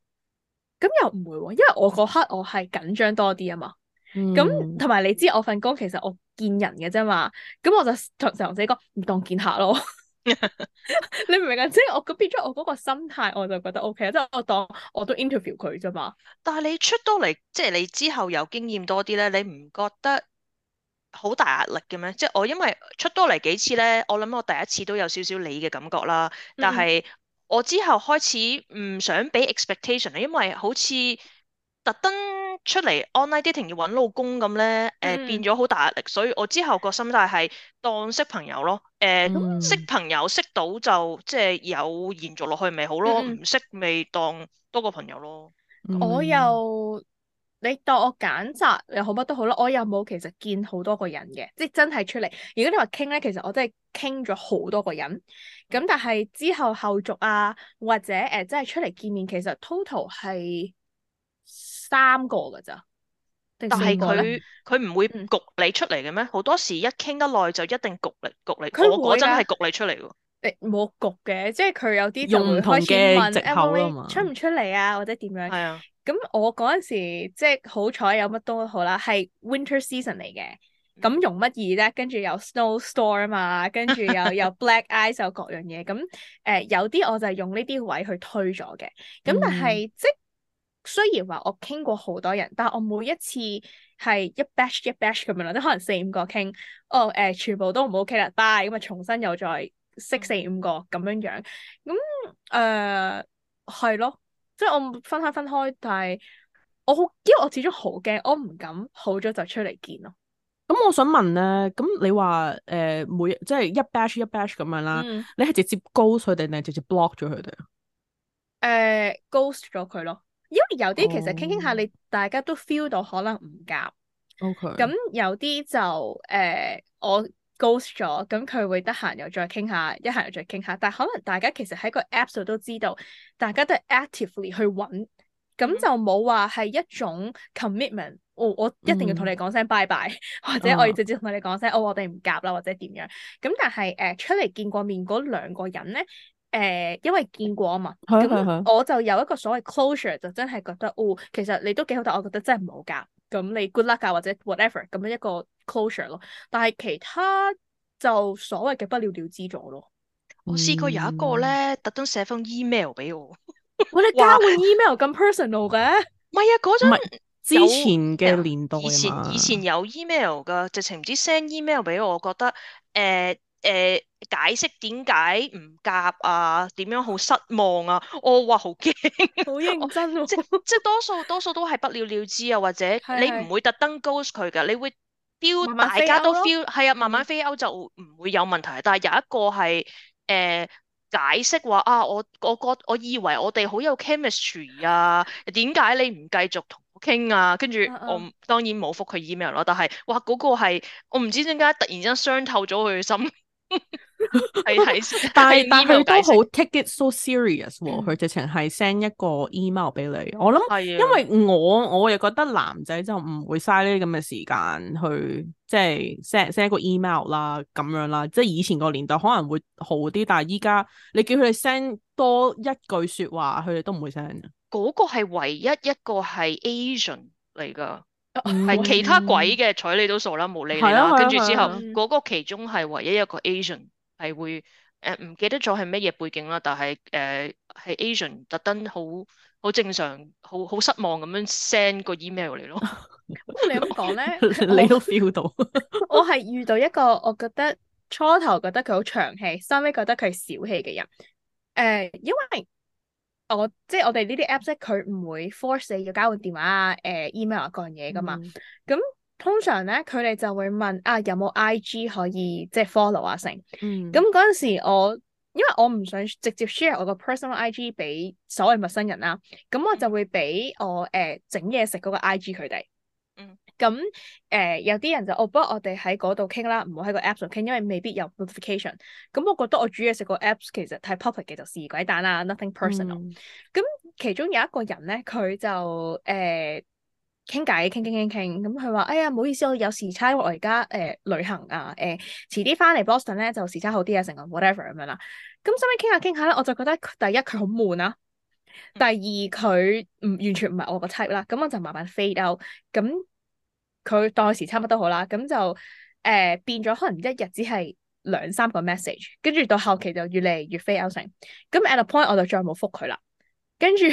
咁又唔會喎，哦，因為我嗰刻我係緊張多啲啊嘛。
咁同
埋你知我份工其實我見人嘅啫嘛。咁我就同常龍仔講唔當見客咯。 你明
唔明啊？即係我嗰變咗我嗰個心態，我就覺得 O、okay, K 即係我當我都 interview 佢啫嘛。但係你出多嚟，即、就、係、是、你之後有經驗多啲咧，你唔覺得好大壓力嘅咩？即、就、係、是、我因為出多嚟幾次咧，我諗我第一次都有少少你嘅感覺啦。但係、嗯。我之後開始唔想俾 expectation 啦，因為好似特登出嚟 online dating 要揾老公咁咧，誒、呃、變咗好大壓力，所以我之後個心態係當識朋友咯，誒、呃 mm hmm. 識朋友識到就即係有延續落去咪好咯，唔識咪當多個朋友咯。Mm hmm. 我
又。你當我揀擇又好乜都好啦，我有冇其實見好多個人嘅，即係真係出嚟。如果你話傾咧，其實我真係傾咗好多個人。咁但係之後後續啊，或者誒、呃，即係出嚟見面，其實 total 係三個㗎咋。但係佢
佢唔會唔焗你出嚟嘅咩？好多時一傾得耐就一定焗你焗你。我嗰陣係焗你出嚟喎。
欸、冇焗嘅，即係佢有啲用唔同嘅藉口啦嘛。出唔出嚟啊？或者點樣？係啊。咁我嗰陣時即係好彩有乜都好啦，係 winter season 嚟嘅。咁融乜易咧？跟住有 snowstorm 啊嘛，跟住又有，有 black ice, 有各樣嘢。咁誒、呃、有啲我就係用呢啲位去推咗嘅。咁但係即係雖然話我傾過好多人，但係我每一次係一 batch 一 batch 咁樣啦，即可能四五個傾。哦誒、呃，全部都唔 OK 啦，bye 咁啊，重新又再識四五個咁樣樣。咁誒係咯。所以我分開分開，但係我好，因為我始終好驚，我唔敢好咗就出嚟見咯。
咁我想問咧，咁你話誒、呃、每即係一 batch 一 batch 咁樣啦，嗯、你係直接 ghost 佢哋定係直接 block 咗佢哋？
誒 ghost 咗佢咯。因為有啲其實傾傾下，oh. 你大家都 feel 到可能唔夾。
OK。咁
有啲就誒我。高咗，咁佢會得閒又再傾下，一行又再傾下。但係可能大家其實喺個 Apps 度都知道，大家都係 actively 去揾，咁就冇話係一種 commitment。哦，我一定要同你講聲拜拜，嗯、或者我要直接同你講聲，嗯、哦，我哋唔夾啦，或者點樣？咁但係誒、呃、出嚟見過面嗰兩個人咧，誒、呃、因為見過啊嘛，咁我就有一個所謂 closure，就真係覺得，哦，其實你都幾好，但我覺得真係唔好夾。咁你 good luck 啊，或者 whatever 咁樣一個 closure 咯。但係其他就所謂嘅不了了之咗咯。嗯、
我試過有一個咧，特登寫封 email 俾我。喂 哇，你交哇換 email 咁 personal 嘅？唔係
啊，嗰陣之前嘅年代啊嘛。以前以前
有 email 噶，直情唔知 send email 俾我，我覺得誒。呃誒、呃、解釋點解唔夾啊？點樣好失望啊！我、哦、哇好驚，好認真、哦、 即 即,即多數多數都係不了了之啊，或者你唔會特登 ghost 佢嘅，你會 feel 大家都 feel 係啊，慢慢飛歐就唔會有問題。嗯、但係有一個係誒、呃、解釋話啊，我我覺我,我以為我哋好有 chemistry 啊，點解你唔繼續同我傾啊？跟住我當然冇覆佢 email 咯，但係哇嗰、那個係我唔知點解突然之間傷透咗佢心。係， 但係但係佢都好
take it so serious，佢、嗯、直情係 send 一個 email 俾你。我諗，係的，因為我我又覺得男仔就唔會嘥呢啲咁嘅時間去，即係 send send 一個 email 啦，咁樣啦。即係以前個年代可能會好啲，但係依家你叫佢哋 send 多一句說話，佢哋都唔會 send。
嗰個係唯一一個係 Asian 嚟噶。
係、嗯、其他鬼
嘅睬你都傻啦，冇理你啦。跟住、啊啊、之後嗰、啊啊、個其中係唯一一個 Asian 係會誒唔、呃、記得咗係咩嘢背景啦，但係誒係、呃、Asian 特登好好正常好好失望咁樣 send 個 email 嚟咯。
你咁講咧，你都 feel 到。
我係
遇到一個我覺得初頭覺得佢好長氣，後尾覺得佢係小氣嘅人。誒、呃，因為。我即係我哋呢啲 apps，咧，佢唔會 force 你要交換電話啊、誒、呃、email 啊各樣嘢噶嘛。咁、嗯、通常咧，佢哋就會問啊，有冇 IG 可以即係 follow 啊成。咁陣、嗯、時我，因為我唔想直接 share 我個 personal IG 俾所謂陌生人啦，咁我就會俾我誒整嘢食嗰個 IG 佢哋。咁誒、呃、有啲人就哦，不如我哋喺嗰度傾啦，唔好喺個 Apps 度傾，因為未必有 notification。咁我覺得我煮嘢食個 Apps 其實太 public 嘅，就試鬼蛋啦，nothing personal。咁、嗯、其中有一個人咧，佢就誒傾偈傾傾傾傾，咁佢話：哎呀，唔好意思，我有時差，我而家誒旅行啊，誒、呃、遲啲翻嚟 Boston 咧就時差好啲啊，成個 whatever 咁樣啦。咁收尾傾下傾下咧，我就覺得第一佢好悶啦、啊，第二佢唔、嗯、完全唔係我個 type 啦，咁我就慢慢 fade out。咁佢當時差唔多都好啦，咁就誒、呃、變咗可能一日只係兩三個 message，跟住到後期就越嚟越飛 out 成，咁 at a point 我就再冇覆佢啦。跟住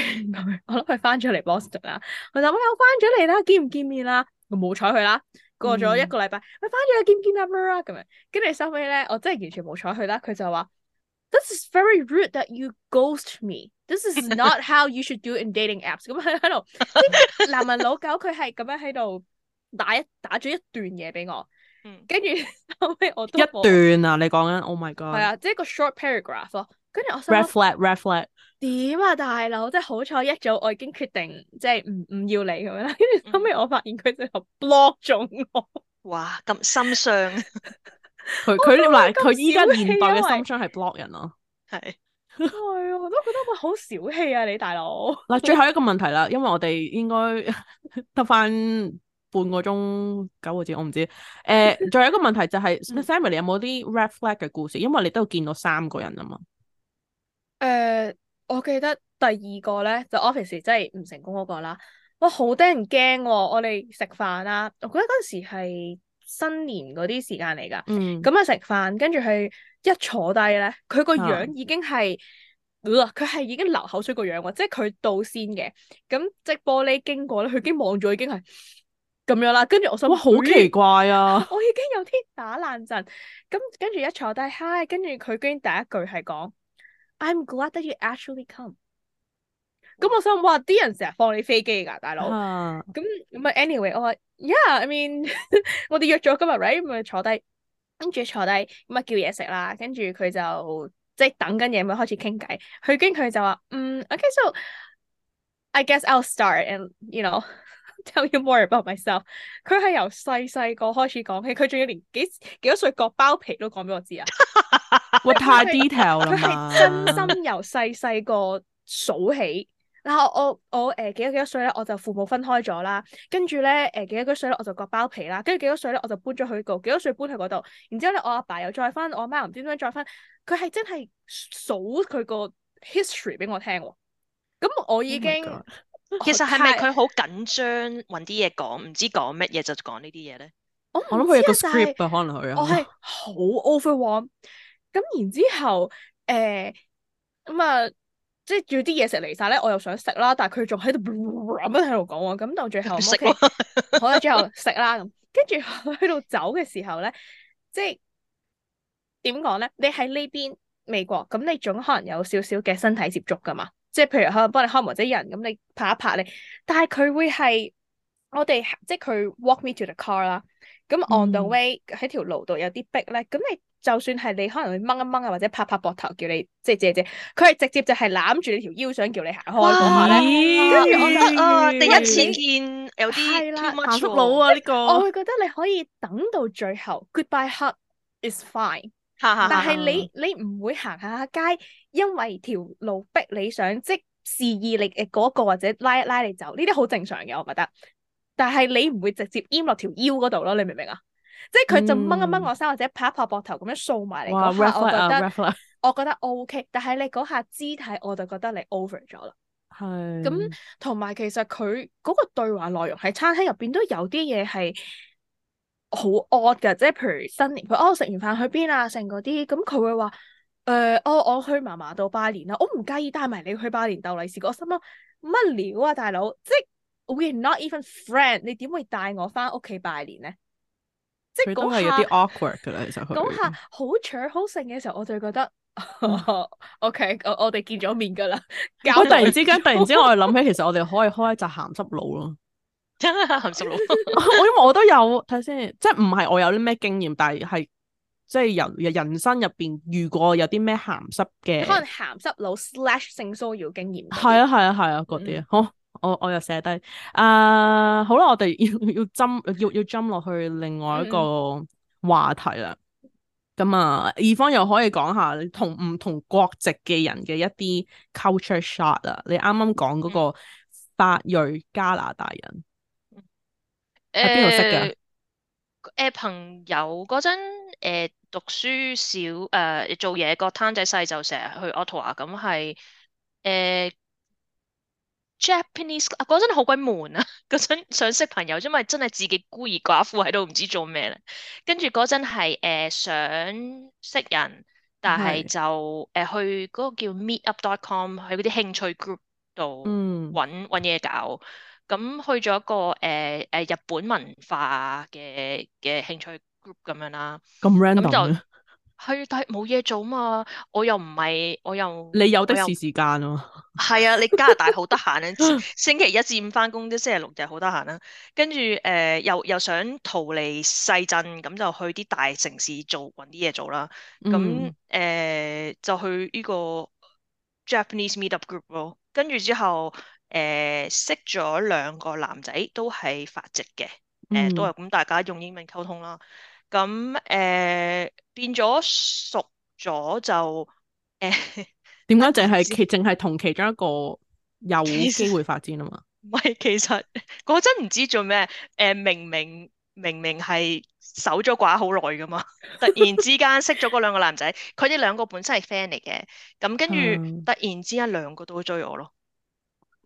我諗佢翻咗嚟 Boston 啦，我諗又翻咗嚟啦，見唔見面啦、啊？我冇睬佢啦。過咗一個禮拜，我翻咗啊，見唔見啊？咁樣，跟住收尾咧，我真係完全冇睬佢啦。佢就話 This is very rude that you ghost me. This is not how you should do in dating apps。咁喺度，啲男人老狗佢係咁樣喺度。打一打咗一段嘢俾我，跟住、嗯、後尾我都一段
啊！你講緊，Oh my God，係啊，即
係一個 short paragraph 咯。跟住我心諗，red
flag，red flag。
點啊，大佬！即係好彩，一早我已經決定即係唔唔
要你咁樣。跟住後尾我發現佢最後 block 咗我、嗯。哇，咁心傷。佢佢嗱，佢依家年代嘅心
傷係 block 人咯。
係。係啊， 我都覺得佢好小氣啊！你大佬嗱， 最後一
個問題啦，因為我哋應該得翻。 半個鐘九個字，我唔知。誒、呃，仲有一個問題就係、是、 Sammy，你有冇啲 red flag 嘅故事？因為你都有見到三個人啊嘛。
誒、呃，我記得第二個咧就 office 真係唔成功嗰個啦。哇，好多人驚。我哋食飯啦，我覺得嗰陣時係新年嗰啲時間嚟噶。嗯。咁啊食飯，跟住佢一坐低咧，佢個樣已經係，佢係、啊、已經流口水個樣喎，即係佢到先嘅。咁即係玻璃經過咧，佢已經望咗，已經係。咁樣啦，跟住我想諗好奇怪啊！我已經有啲打冷震，咁跟住一坐低，hi，跟住佢居然第一句係講，I'm glad that you actually come。咁我想諗，哇！啲人成日放你飛機噶大佬，咁唔係 anyway，我話，yeah，I mean， 我哋約咗今日，right？咪坐低，跟住坐低，咁、嗯、啊叫嘢食啦，跟住佢就即係、就是、等緊嘢，咪開始傾偈。佢跟佢就話，嗯、um, okay, so, I guess I'll start and you know。Tell you more about myself。佢係由細細個開始講起，佢仲要連幾幾多歲割包皮都講俾我知啊！
我太 detail 啦。佢係 真
心由細細個數起。 然後我我誒幾多幾多歲咧，我就父母分開咗啦。跟住咧誒幾多幾多歲咧，我就割包皮啦。跟住幾多歲咧，我就搬咗去嗰、嗰個、幾多歲搬去嗰度。然之後咧，我阿爸,爸又再翻，我阿媽唔知點樣再翻。佢係真係數佢
個
history 俾我聽。咁我已經。Oh 其實係咪佢好緊張，搵啲嘢講，唔知講乜嘢就講呢啲嘢咧？
我諗佢有個 script 啊，可能佢啊、就是，有我係
好 overwhelm。咁然之後，誒咁啊，即係要啲嘢食嚟晒咧，我又想食啦。但係佢仲喺度，咁樣喺度講。咁到最後，食好啦，後最後食啦咁。跟住去到走嘅時候咧，即係點講咧？你喺呢邊美國，咁你總可能有少少嘅身體接觸噶嘛。即係譬如可能幫你開門或者人，咁你拍一拍你，但係佢會係我哋即係佢 walk me to the car 啦。咁 on the way 喺條、嗯、路度有啲逼咧，咁你就算係你可能會掹一掹啊或者拍拍膊頭叫你即係借借，佢係直接就係攬住你條腰想叫你行開。咦？跟住我覺得第一次
見為有啲行速佬啊呢個，了我會
覺得你可以等到最後 ，goodbye hug is fine。 但係你 你唔會行下下街，因為條路逼你想即示意你誒、那、嗰個或者拉一拉，拉你走，呢啲好正常嘅我覺得。但係你唔會直接扎落條腰嗰度咯，你明唔明啊？即係佢就掹一掹我衫或者拍一拍膊頭咁樣掃埋你嗰下，我覺得我覺得 O K。但係你嗰下肢體我就覺得你 over 咗啦。係是。咁同埋其實佢嗰個對話內容喺餐廳入邊都有啲嘢係。好 o d 噶，即係譬如新年佢，哦，食完飯去邊啊，剩嗰啲，咁佢會話，誒、呃，我我去嫲嫲度拜年啦，我唔介意帶埋你去拜年斗利是，噶，我心諗乜料啊大佬，即係 we're not even friends，你點會帶我翻屋企拜年咧？
即係講下有啲 awkward 噶啦，其實講下
好蠢好剩嘅時候，我就覺得 ，ok，我我哋見咗面噶啦，搞突然之間 突然之間
我諗起，其實我哋可以開一集鹹濕腦咯。咸 濕含水佬 因為我都有睇先看看，即係唔係我有啲咩經驗，但係係即係人人生入邊遇過有啲咩鹹濕嘅，可能
鹹濕佬 slash 性騷擾經驗，係啊係
啊係啊嗰啲啊，啊啊啊好我我又寫低啊，好啦，我哋要要 jump 要要 jump 落去另外一個話題啦，咁啊、嗯，二方又可以講下同唔同國籍嘅人嘅一啲 culture shock 啊，你啱啱講嗰個法裔加拿大人。誒，邊
度、啊、識噶？誒、呃呃，朋友嗰陣，誒、呃、讀書少，誒、呃、做嘢個攤仔細就成日去 Ottawa、呃、啊，咁係誒 Japanese，嗰陣好鬼悶啊，嗰陣想識朋友，因為真係自己孤兒寡婦喺度唔知做咩咧。跟住嗰陣係誒想識人，
但係就
誒是、呃、去嗰個叫 MeetUp.com，去嗰啲興趣 group 度揾揾嘢搞。咁、嗯、去咗一個誒誒、呃呃、日本文化嘅嘅興趣 group 咁樣啦，咁 random，就係但係冇嘢做啊嘛，我又唔係我又你有的是時
間啊又，
係 啊，你加拿大好得閒啊， 星期一至五翻工，即星期六就好得閒啦，跟住誒又又想逃離細鎮，咁就去啲大城市做揾啲嘢做啦，咁誒、嗯呃、就去呢個 Japanese meet up group 咯，跟住之後。誒，呃、識咗兩個男仔都係法籍嘅，
誒，都係咁、
嗯呃，大家用英文溝通啦。咁、嗯、
誒、呃，
變咗熟咗就誒，
點解淨係其淨係同其中一個有機會發展啊？嘛，
喂，其實嗰陣唔知做咩，誒、呃，明明明明係守咗寡好耐噶嘛，突然之間識咗嗰兩個男仔，佢哋兩個本身係 friend 嚟嘅，咁跟住突然之間兩個都追我咯。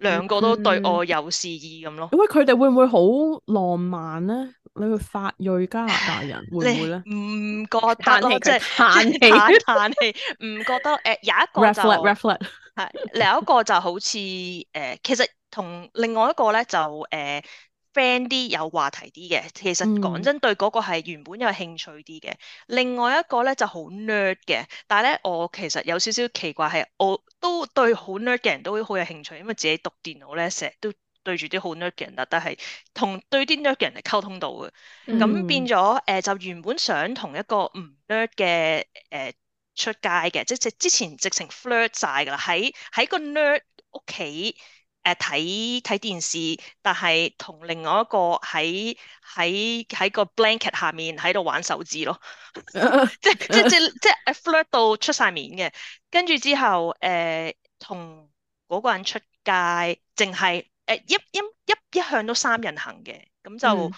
兩個都對我有示意咁咯。
喂，佢哋會唔會好浪漫咧？你去法裔加拿大人會唔會咧？
唔 覺得即係嘆氣、嘆氣、唔覺得誒、呃，有一個就 reflet，reflet 係，有一個就好似誒、呃，其實同另外一個咧就誒 friend 啲，有話題啲嘅。其實講真，嗯、對嗰個係原本有興趣啲嘅。另外一個咧就好 nerd 嘅，但係咧我其實有少少奇怪係我。都對好 nerd 嘅人都會好有興趣，因為自己讀電腦咧，成日都對住啲好 nerd 嘅人啦。但係同對啲 nerd 嘅人嚟溝通到嘅，咁、嗯、變咗誒、呃、就原本想同一個唔 nerd 嘅誒、呃、出街嘅，即係之前直情 flirt 曬㗎啦，喺喺個 nerd 屋企。誒，睇睇電視，但係同另外一個喺喺喺個 blanket 下面喺度玩手指咯， 即即即即 flirt 到出晒面嘅、呃。跟住之後誒同嗰個人出街，淨係誒一一一一,一向都三人行嘅，咁就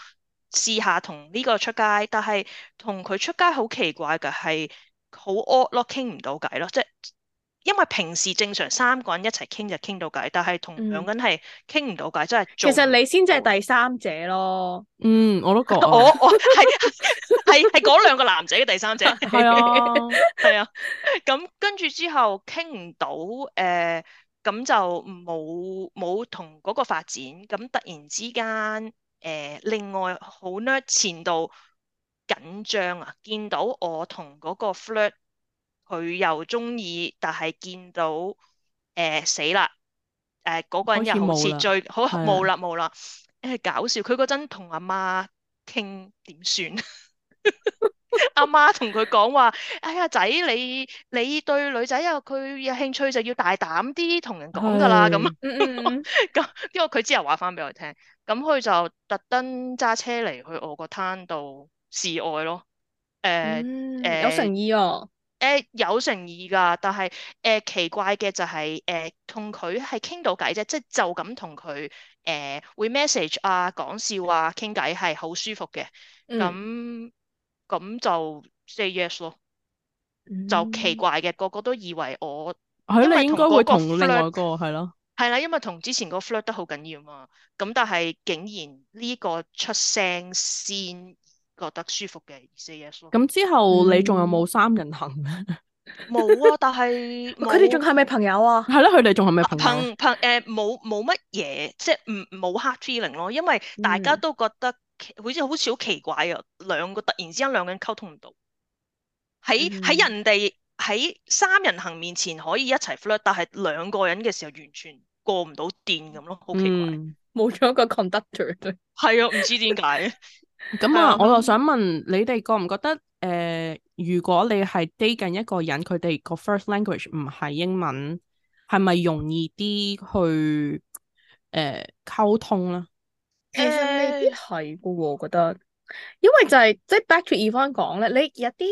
試下同呢個出街。嗯、但係同佢出街好奇怪嘅，係好 odd 咯，傾唔到偈咯，即。因為平時正常三個人一齊傾就傾到偈，但係同兩個人係傾唔到偈，即係、嗯。真其實你先至係第三者咯。
嗯，我都覺得、啊 我。我
我係係係嗰兩個男仔嘅第三者。 係 是啊係 啊，咁跟住之後傾唔到誒，咁、呃、就冇冇同嗰個發展，咁突然之間誒、呃，另外好呢前度緊張啊，見到我同嗰個 flirt。佢又中意，但係見到誒、呃、死啦！誒、呃、嗰、嗰個人又唔似，最好冇啦冇啦，誒了的、呃、搞笑！佢嗰陣同阿媽傾點算，阿 媽同佢講話，哎呀仔，你你對女仔啊，佢有興趣就要大膽啲同人講噶啦咁。咁的，嗯嗯嗯 因為佢之後話翻俾我聽，咁佢就特登揸車嚟去我個攤度示愛咯。誒、呃、誒，嗯呃、有誠意啊、哦！誒，有誠意噶，但係誒、呃、奇怪嘅就係、是，誒同佢係傾到偈啫，即係就咁同佢，誒、呃、會 message 啊，講笑啊，傾偈係好舒服嘅，咁咁、嗯、就 say yes 咯，嗯、就奇怪嘅，個個都以為我係咯，因
為同嗰個 flirt，你應該會同另外一個係咯，
係啦，因為同之前個 flirt 得好緊要嘛，咁但係竟然呢個出聲先。覺得舒服嘅意思 yes,，s 咁、嗯、
之後你仲有冇三人行
咧？冇 啊，但係佢哋仲係咪
朋友啊？係咯，佢哋仲係咪朋
朋誒？冇冇乜嘢，即係唔冇 hard feeling 咯。因為大家都覺得好似好似好奇怪啊，兩、嗯、個突然之間兩個人溝通唔到，喺喺、嗯、人哋喺三人行面前可以一齊 f l o w 但係兩個人嘅時候完全過唔到電咁咯，好奇
怪，冇咗、嗯、個 conductor，
係 啊，唔知點解。
咁啊，嗯、我就想問你哋覺唔覺得誒、呃，如果你係 dating 一個人，佢哋個 first language 唔係英文，係咪容易啲去誒溝、呃、通咧？
其實未必係嘅，我覺得，因為就係即係 back to e a 翻講咧，你有啲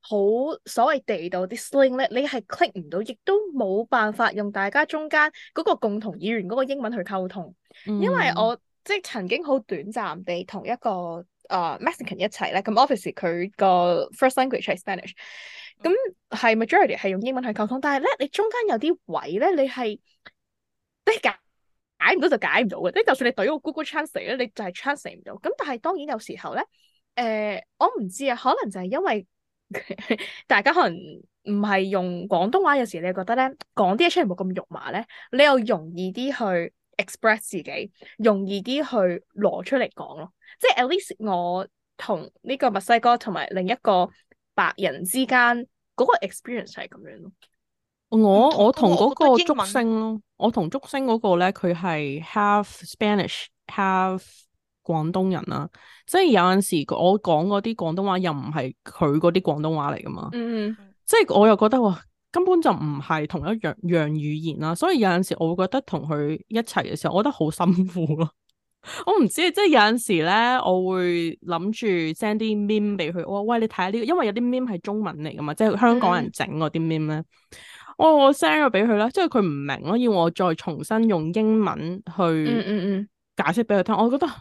好所謂地道啲 slang 咧，你係 click 唔到，亦都冇辦法用大家中間嗰個共同語言嗰個英文去溝通，因為我。即係曾經好短暫地同一個啊、uh, Mexican 一齊咧，咁 office 佢個 first language 係 Spanish，咁係 majority 係用英文去溝通，但係咧你中間有啲位咧，你係即係解解唔到就解唔到嘅，即係就算你對一個 Google translate 咧，你就係 translate 唔到。咁但係當然有時候咧，誒、呃、我唔知啊，可能就係因為 大家可能唔係用廣東話，有時你覺得咧講啲嘢出嚟冇咁肉麻咧，你又容易啲去 express 自己容易啲去攞出嚟講咯，即係 at least 我同呢個墨西哥同埋另一個白人之間嗰、那個 experience 係咁樣咯。
我我同嗰個竹升咯，我同竹升嗰個咧，佢係 half Spanish，half 廣東人啦、啊，即係有陣時我講嗰啲廣東話又唔係佢嗰啲廣東話嚟㗎嘛。嗯嗯，即係我又覺得哇～根本就唔係同一樣樣語言啦，所以有陣時我會覺得同佢一齊嘅時候，我覺得好辛苦咯。 我唔知，即係有陣時咧，我會諗住 send 啲 meme 俾佢。我話，喂，你睇下呢個，因為有啲 meme 係中文嚟㗎嘛，即係香港人整嗰啲 meme 咧，我 send 咗俾佢啦，即係佢唔明咯，要我再重新用英文去嗯嗯嗯解釋俾佢聽，我覺得好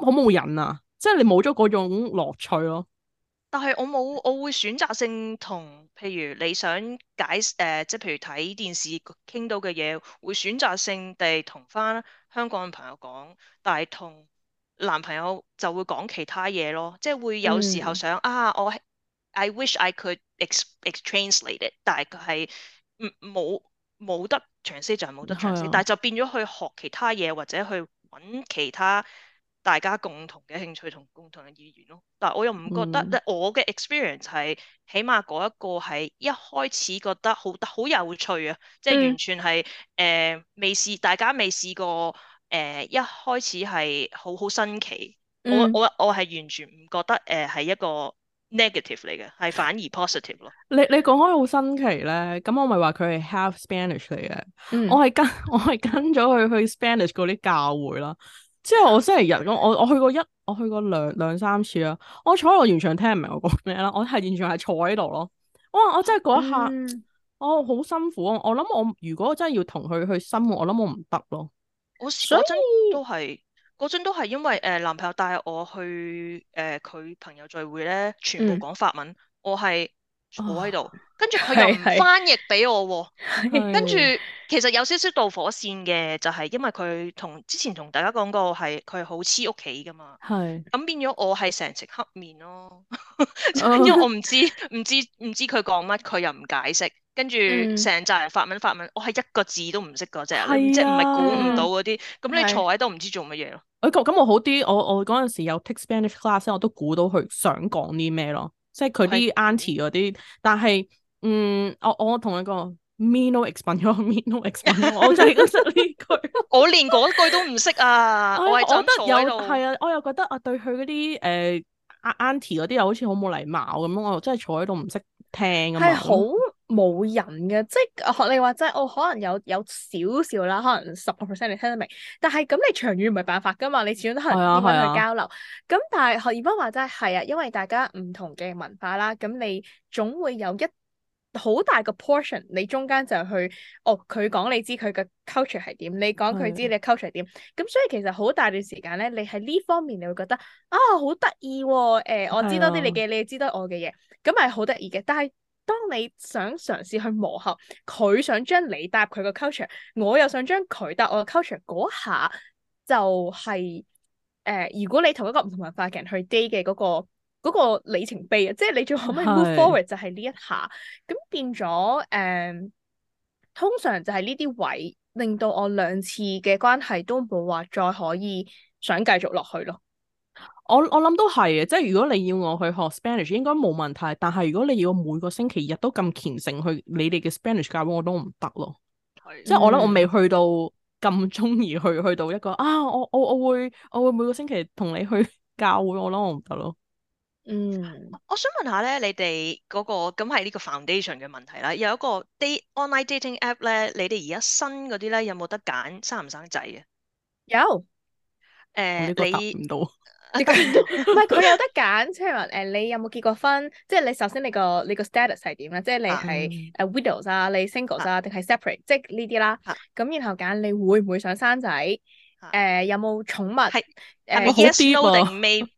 好冇癮啊！即係你冇咗嗰種樂趣咯。
但係我冇，我會選擇性同，譬如你想解誒、呃，即係譬如睇電視傾到嘅嘢，會選擇性地同返香港嘅朋友講，但係同男朋友就會講其他嘢咯。即係會有時候想、嗯、啊，我 I wish I could ex-exchange it，但係佢係冇冇得詳細就係冇得詳細，的但就變咗去學其他嘢或者去揾其他。大家共同嘅興趣同共同嘅意願咯，但係我又唔覺得咧。嗯、我嘅 experience 係，起碼嗰一個係一開始覺得好、好有趣啊，即係完全係誒未試，大家未試過誒、呃、一開始係好好新奇。嗯、我我我係完全唔覺得誒係、呃、一個 negative 嚟嘅，係反而 positive
咯。你你講開好新奇咧，咁我咪話佢係 half Spanish 嚟嘅、嗯，我係跟我係跟咗佢去，去 Spanish 嗰啲教會啦。即係我星期日咁，我我去過一，我去過兩兩三次啊。我坐喺度完全聽唔明我講咩啦，我係完全係坐喺度咯。哇！我真係嗰一刻，我好、嗯哦、辛苦啊！我諗我如果真係要同佢去生活，我諗我唔得咯。我嗰陣都係，
嗰陣以都係因為誒、呃、男朋友帶我去誒佢、呃、朋友聚會咧，全部講法文，嗯、我係坐喺度。啊跟住佢又唔翻譯俾我喎，是是跟住其實有少少導火線嘅，就係、是、因為佢同之前同大家講過係佢好黐屋企㗎嘛，咁是是 變咗我係成隻黑面咯，因為我唔知唔 知唔知佢講乜，佢又唔解釋，跟住成集人法文法文，我係一個字都唔識嗰隻，是啊、即係唔係估唔到嗰啲，咁你坐喺度唔知做乜嘢
咯。咁、啊欸、我好啲，我我嗰陣時有 take Spanish class 我都估到佢想講啲咩咯，即係佢啲 auntie 嗰啲，是但係。嗯，我我同你講 me no expansion me no expansion 我就係識呢
句， 我連嗰句都唔識啊！我係坐喺度，係
啊， 我又覺得啊，對佢嗰啲誒，Auntie 嗰啲又好似好冇禮貌咁，我真係坐喺度唔識聽咁，係好冇人嘅，即係學你話
齋，我、哦、可能有有少少啦，可能十個 percent 你聽得明，但係咁你長遠唔係辦法噶嘛，你始終都係唔可以去 交流。咁但係學 Yvonne 話齋係啊，因為大家唔同嘅文化啦，咁你總會有一。好大個 portion，你中間就去，哦，佢講你知佢嘅 culture 係點，你講佢知你 culture 係點，咁的所以其實好大段時間咧，你喺呢方面你會覺得啊好得意喎，誒我知多啲你嘅，的你知得我嘅嘢，咁係好得意嘅。但係當你想嘗試去磨合，佢想將你帶入佢嘅 culture，我又想將佢帶我嘅 culture，嗰下就係、是、誒、呃，如果你同一個唔同文化嘅人去 date 嘅嗰個。嗰個里程碑啊，即係你仲可唔可以 move forward 是就係呢一下，咁變咗誒、嗯？通常就係呢啲位，令到我兩次嘅關係都冇話再可以想繼續落去咯。
我我諗都係嘅，即係如果你要我去學 Spanish 應該冇問題，但係如果你要每個星期日都咁虔誠去你哋嘅 Spanish 教會，我都唔得咯。
是即係我諗，我未
去到咁鍾意去去到一個啊，我我我會我會每個星期同你去教會，我諗我唔得咯。嗯，我想
問下咧，嗰個，你哋嗰個咁係呢個 foundation 嘅問題啦，有一個 date online dating app 咧，你哋而家新嗰啲咧有冇得揀生唔生仔啊？
有，誒、呃，你唔
到，你唔到，唔係佢有得揀，即係話，誒，你有冇結過婚？
即係你首先你個你個 status 係點咧？即係你係誒 widows 啊，你 singles 啊，定係、啊、separate？即係呢啲啦，咁、啊、然後揀你會唔會想生仔？誒、啊呃，有冇寵物？係，係
冇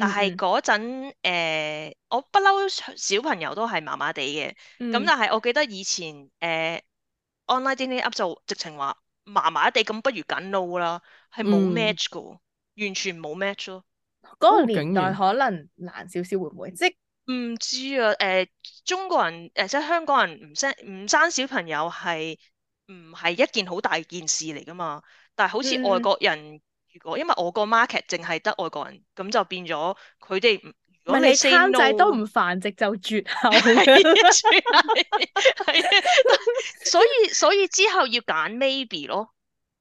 但係嗰陣我不嬲小朋友都係麻麻地嘅，咁、嗯、但係我記得以前誒、呃、online dating app 就直情話麻麻地，咁不如緊 no 啦，
係冇 match
噶，嗯、完全冇 match 咯。
嗰個年代可能難少少，會唔會？即
唔知啊誒、呃，中國人誒即係香港人唔生唔生小朋友係唔係一件好大件事嚟噶嘛？但係好似外國人。嗯如果因為我個 market 淨係得外國人，咁就變咗佢哋。唔係你參、no，仔都唔
繁殖就絕後，係
所以所以之後要揀 maybe 咯。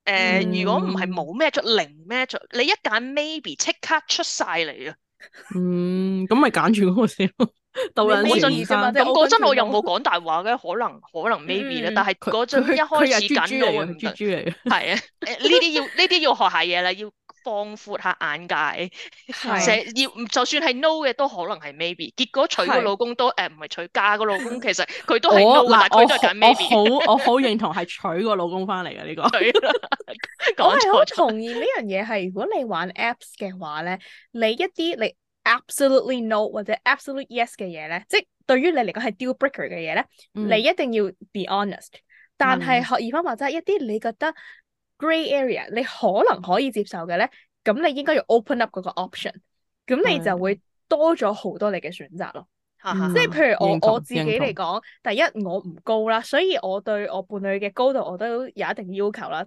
誒、呃，嗯、如果唔係冇 match a 零 match a，你一揀 maybe 即刻出晒嚟啊！嗯，
咁咪揀住嗰個先豆仁，嗰陣咁陣我又冇
講大話嘅，可能可能 maybe 咧。但係嗰陣一開始揀
豬豬嚟嘅，
係啊，呢啲要呢啲要學下嘢啦，要放闊下眼界，係要就算係 no 嘅都可能係 maybe。結果娶個老公都誒唔係娶，嫁個老公其實佢都係 no，但係佢就揀 maybe。我好我好
認同係娶個老公翻嚟嘅呢個。
我係好同意呢樣嘢，係如果你玩 apps 嘅話咧，你一啲你。Absolutely no 或者 Absolutely yes 嘅嘢咧，即係對於你嚟講係 deal breaker 嘅嘢咧，嗯、你一定要 be honest 但。但係學二分法則一啲，你覺得 grey area 你可能可以接受嘅咧，咁你應該要 open up 嗰個 option。咁你就會多咗好多你嘅選擇咯。嚇、嗯！
即係譬如我同我自己嚟
講，同第一我唔高啦，所以我對我伴侶嘅高度我都有一定要求啦。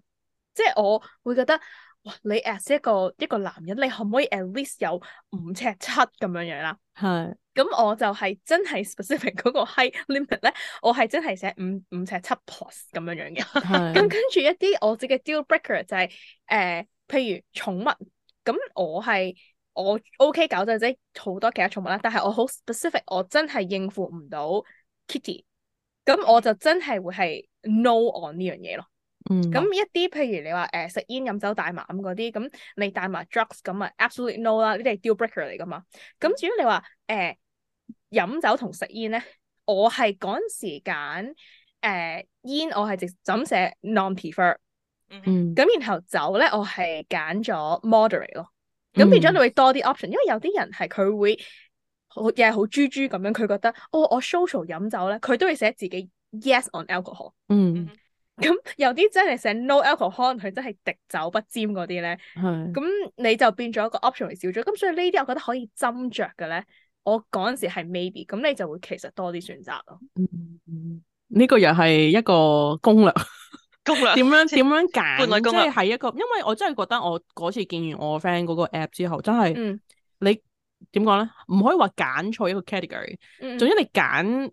即係我會覺得。哇！你 ask 一個一個男人，你可唔可以 at least 有五尺七咁樣樣啦？係是。咁我就係真係 specific 個 height limit 咧，我係真係寫五五尺七 plus 咁樣樣嘅。咁 是跟住一啲我自己 deal breaker 就係、是、誒、呃，譬如寵物。咁我係我 OK 搞就即、是、好多其他寵物啦，但係我好 specific，我真係應付唔到 kitty。咁我就真係會係 no on 呢樣嘢咯。咁、嗯、一啲譬如你話誒、呃、食煙飲酒大麻咁嗰啲，咁你大麻 drugs 咁啊 absolutely no 啦，呢啲係 deal breaker 嚟噶嘛。咁至於你話誒飲酒同食煙咧，我係嗰陣時揀誒煙我係直怎寫 non prefer，嗯，咁然後酒咧我係揀咗 moderate 咯。咁變咗你會多啲 option，嗯、因為有啲人係佢會又係好豬豬咁樣，佢覺得哦我 social 飲酒咧，佢都會寫自己 yes on alcohol，嗯。咁有啲真係寫 no alcohol，可能佢真係滴酒不沾嗰啲咧。咁是的 你就變咗一個 option 少咗。咁所以呢啲我覺得可以斟酌嘅咧。我嗰陣時係 maybe，咁你就會其實多啲選
擇咯。呢、嗯嗯，這個又係一個攻略，攻略點 樣點樣揀，即係一個。因為我真係覺得我嗰次見完我 friend 嗰個 app 之後，真係、嗯、你點講咧？唔可以話揀錯一個 category、嗯。總之你揀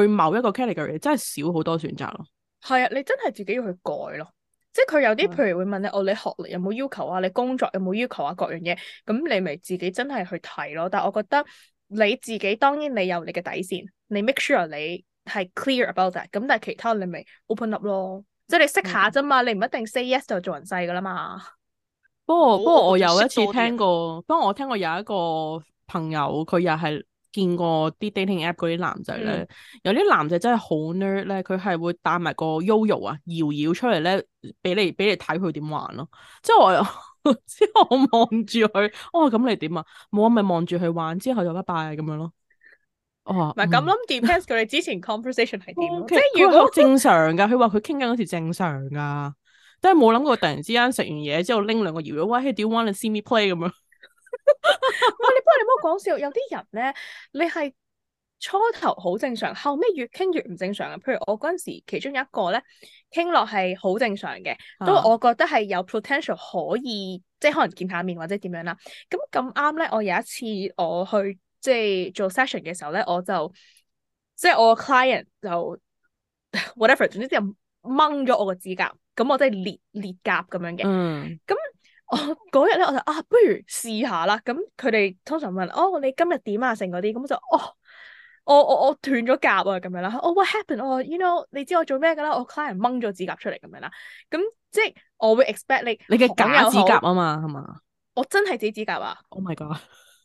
去某一個 category，真係少好多選擇咯。
係啊，你真係自己要去改咯，即係佢有啲，譬如會問你，嗯、哦，你學歷有冇要求啊？你工作有冇要求啊？各樣嘢，咁你咪自己真係去睇咯。但係我覺得你自己，當然你有你嘅底線，你 make sure 你係 clear about that，咁但係其他你咪 open up 咯，即係你識下啫嘛，嗯、你唔一定 say yes 就做人世噶啦嘛。
不過不過 我有一次聽過，不過 我聽過有一個朋友佢又係。見過啲 dating app 嗰啲男仔咧，嗯、有啲男仔真係好 nerd 咧，佢係會帶埋個悠悠、 哦、啊、搖搖出嚟咧，俾你俾你睇佢點玩咯。之後之後我望住佢，哦咁你點啊？冇啊，咪望住佢玩，之後就拜拜咁、啊、樣咯。哦不，唔係咁諗，depends
佢哋之前 conversation 係點。 即係是如果正
常噶，佢話佢傾緊嗰時正常噶，都係冇諗過突然之間食完嘢之後拎兩個搖搖，Why do you want to see me play 咁樣。
我 你幫你唔好講笑，有啲人咧，你係初頭好正常，後尾越傾越唔正常啊。譬如我嗰陣時，其中有一個咧，傾落係好正常嘅，啊、都我覺得係有 potential 可以，即係可能見下面或者點樣啦。咁咁啱咧，我有一次我去即係做 session 嘅時候咧，我就即係我個 client 就 whatever，總之就掹咗我個指甲。咁我真係裂裂甲咁樣嘅，咁、嗯。嗰日咧，我就啊，不如試下啦。咁佢哋通常問哦，你今日點啊？成嗰啲咁就哦，我我我斷咗甲啊，咁樣啦。哦，what happened？哦，you know，你知我做咩㗎啦？我 client 掹咗指甲出嚟咁樣啦。咁即係我會 expect 你，你嘅梗有假指甲啊嘛，係嘛？我真係剪指甲啊！Oh
my god！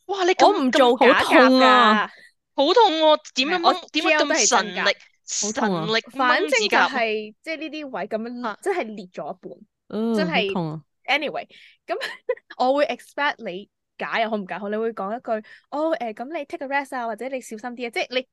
哇，你我唔做假甲㗎，好痛啊！好痛喎、啊！點樣掹？點樣咁神力
神力？力反正就係、
是、即係呢啲位咁樣，真係裂咗一半，uh, 真係是、啊、anyway。咁 我會 expect 你解又好唔解好，你會講一句哦誒，咁、欸、你 take a rest 啊，或者你小心啲啊，即係你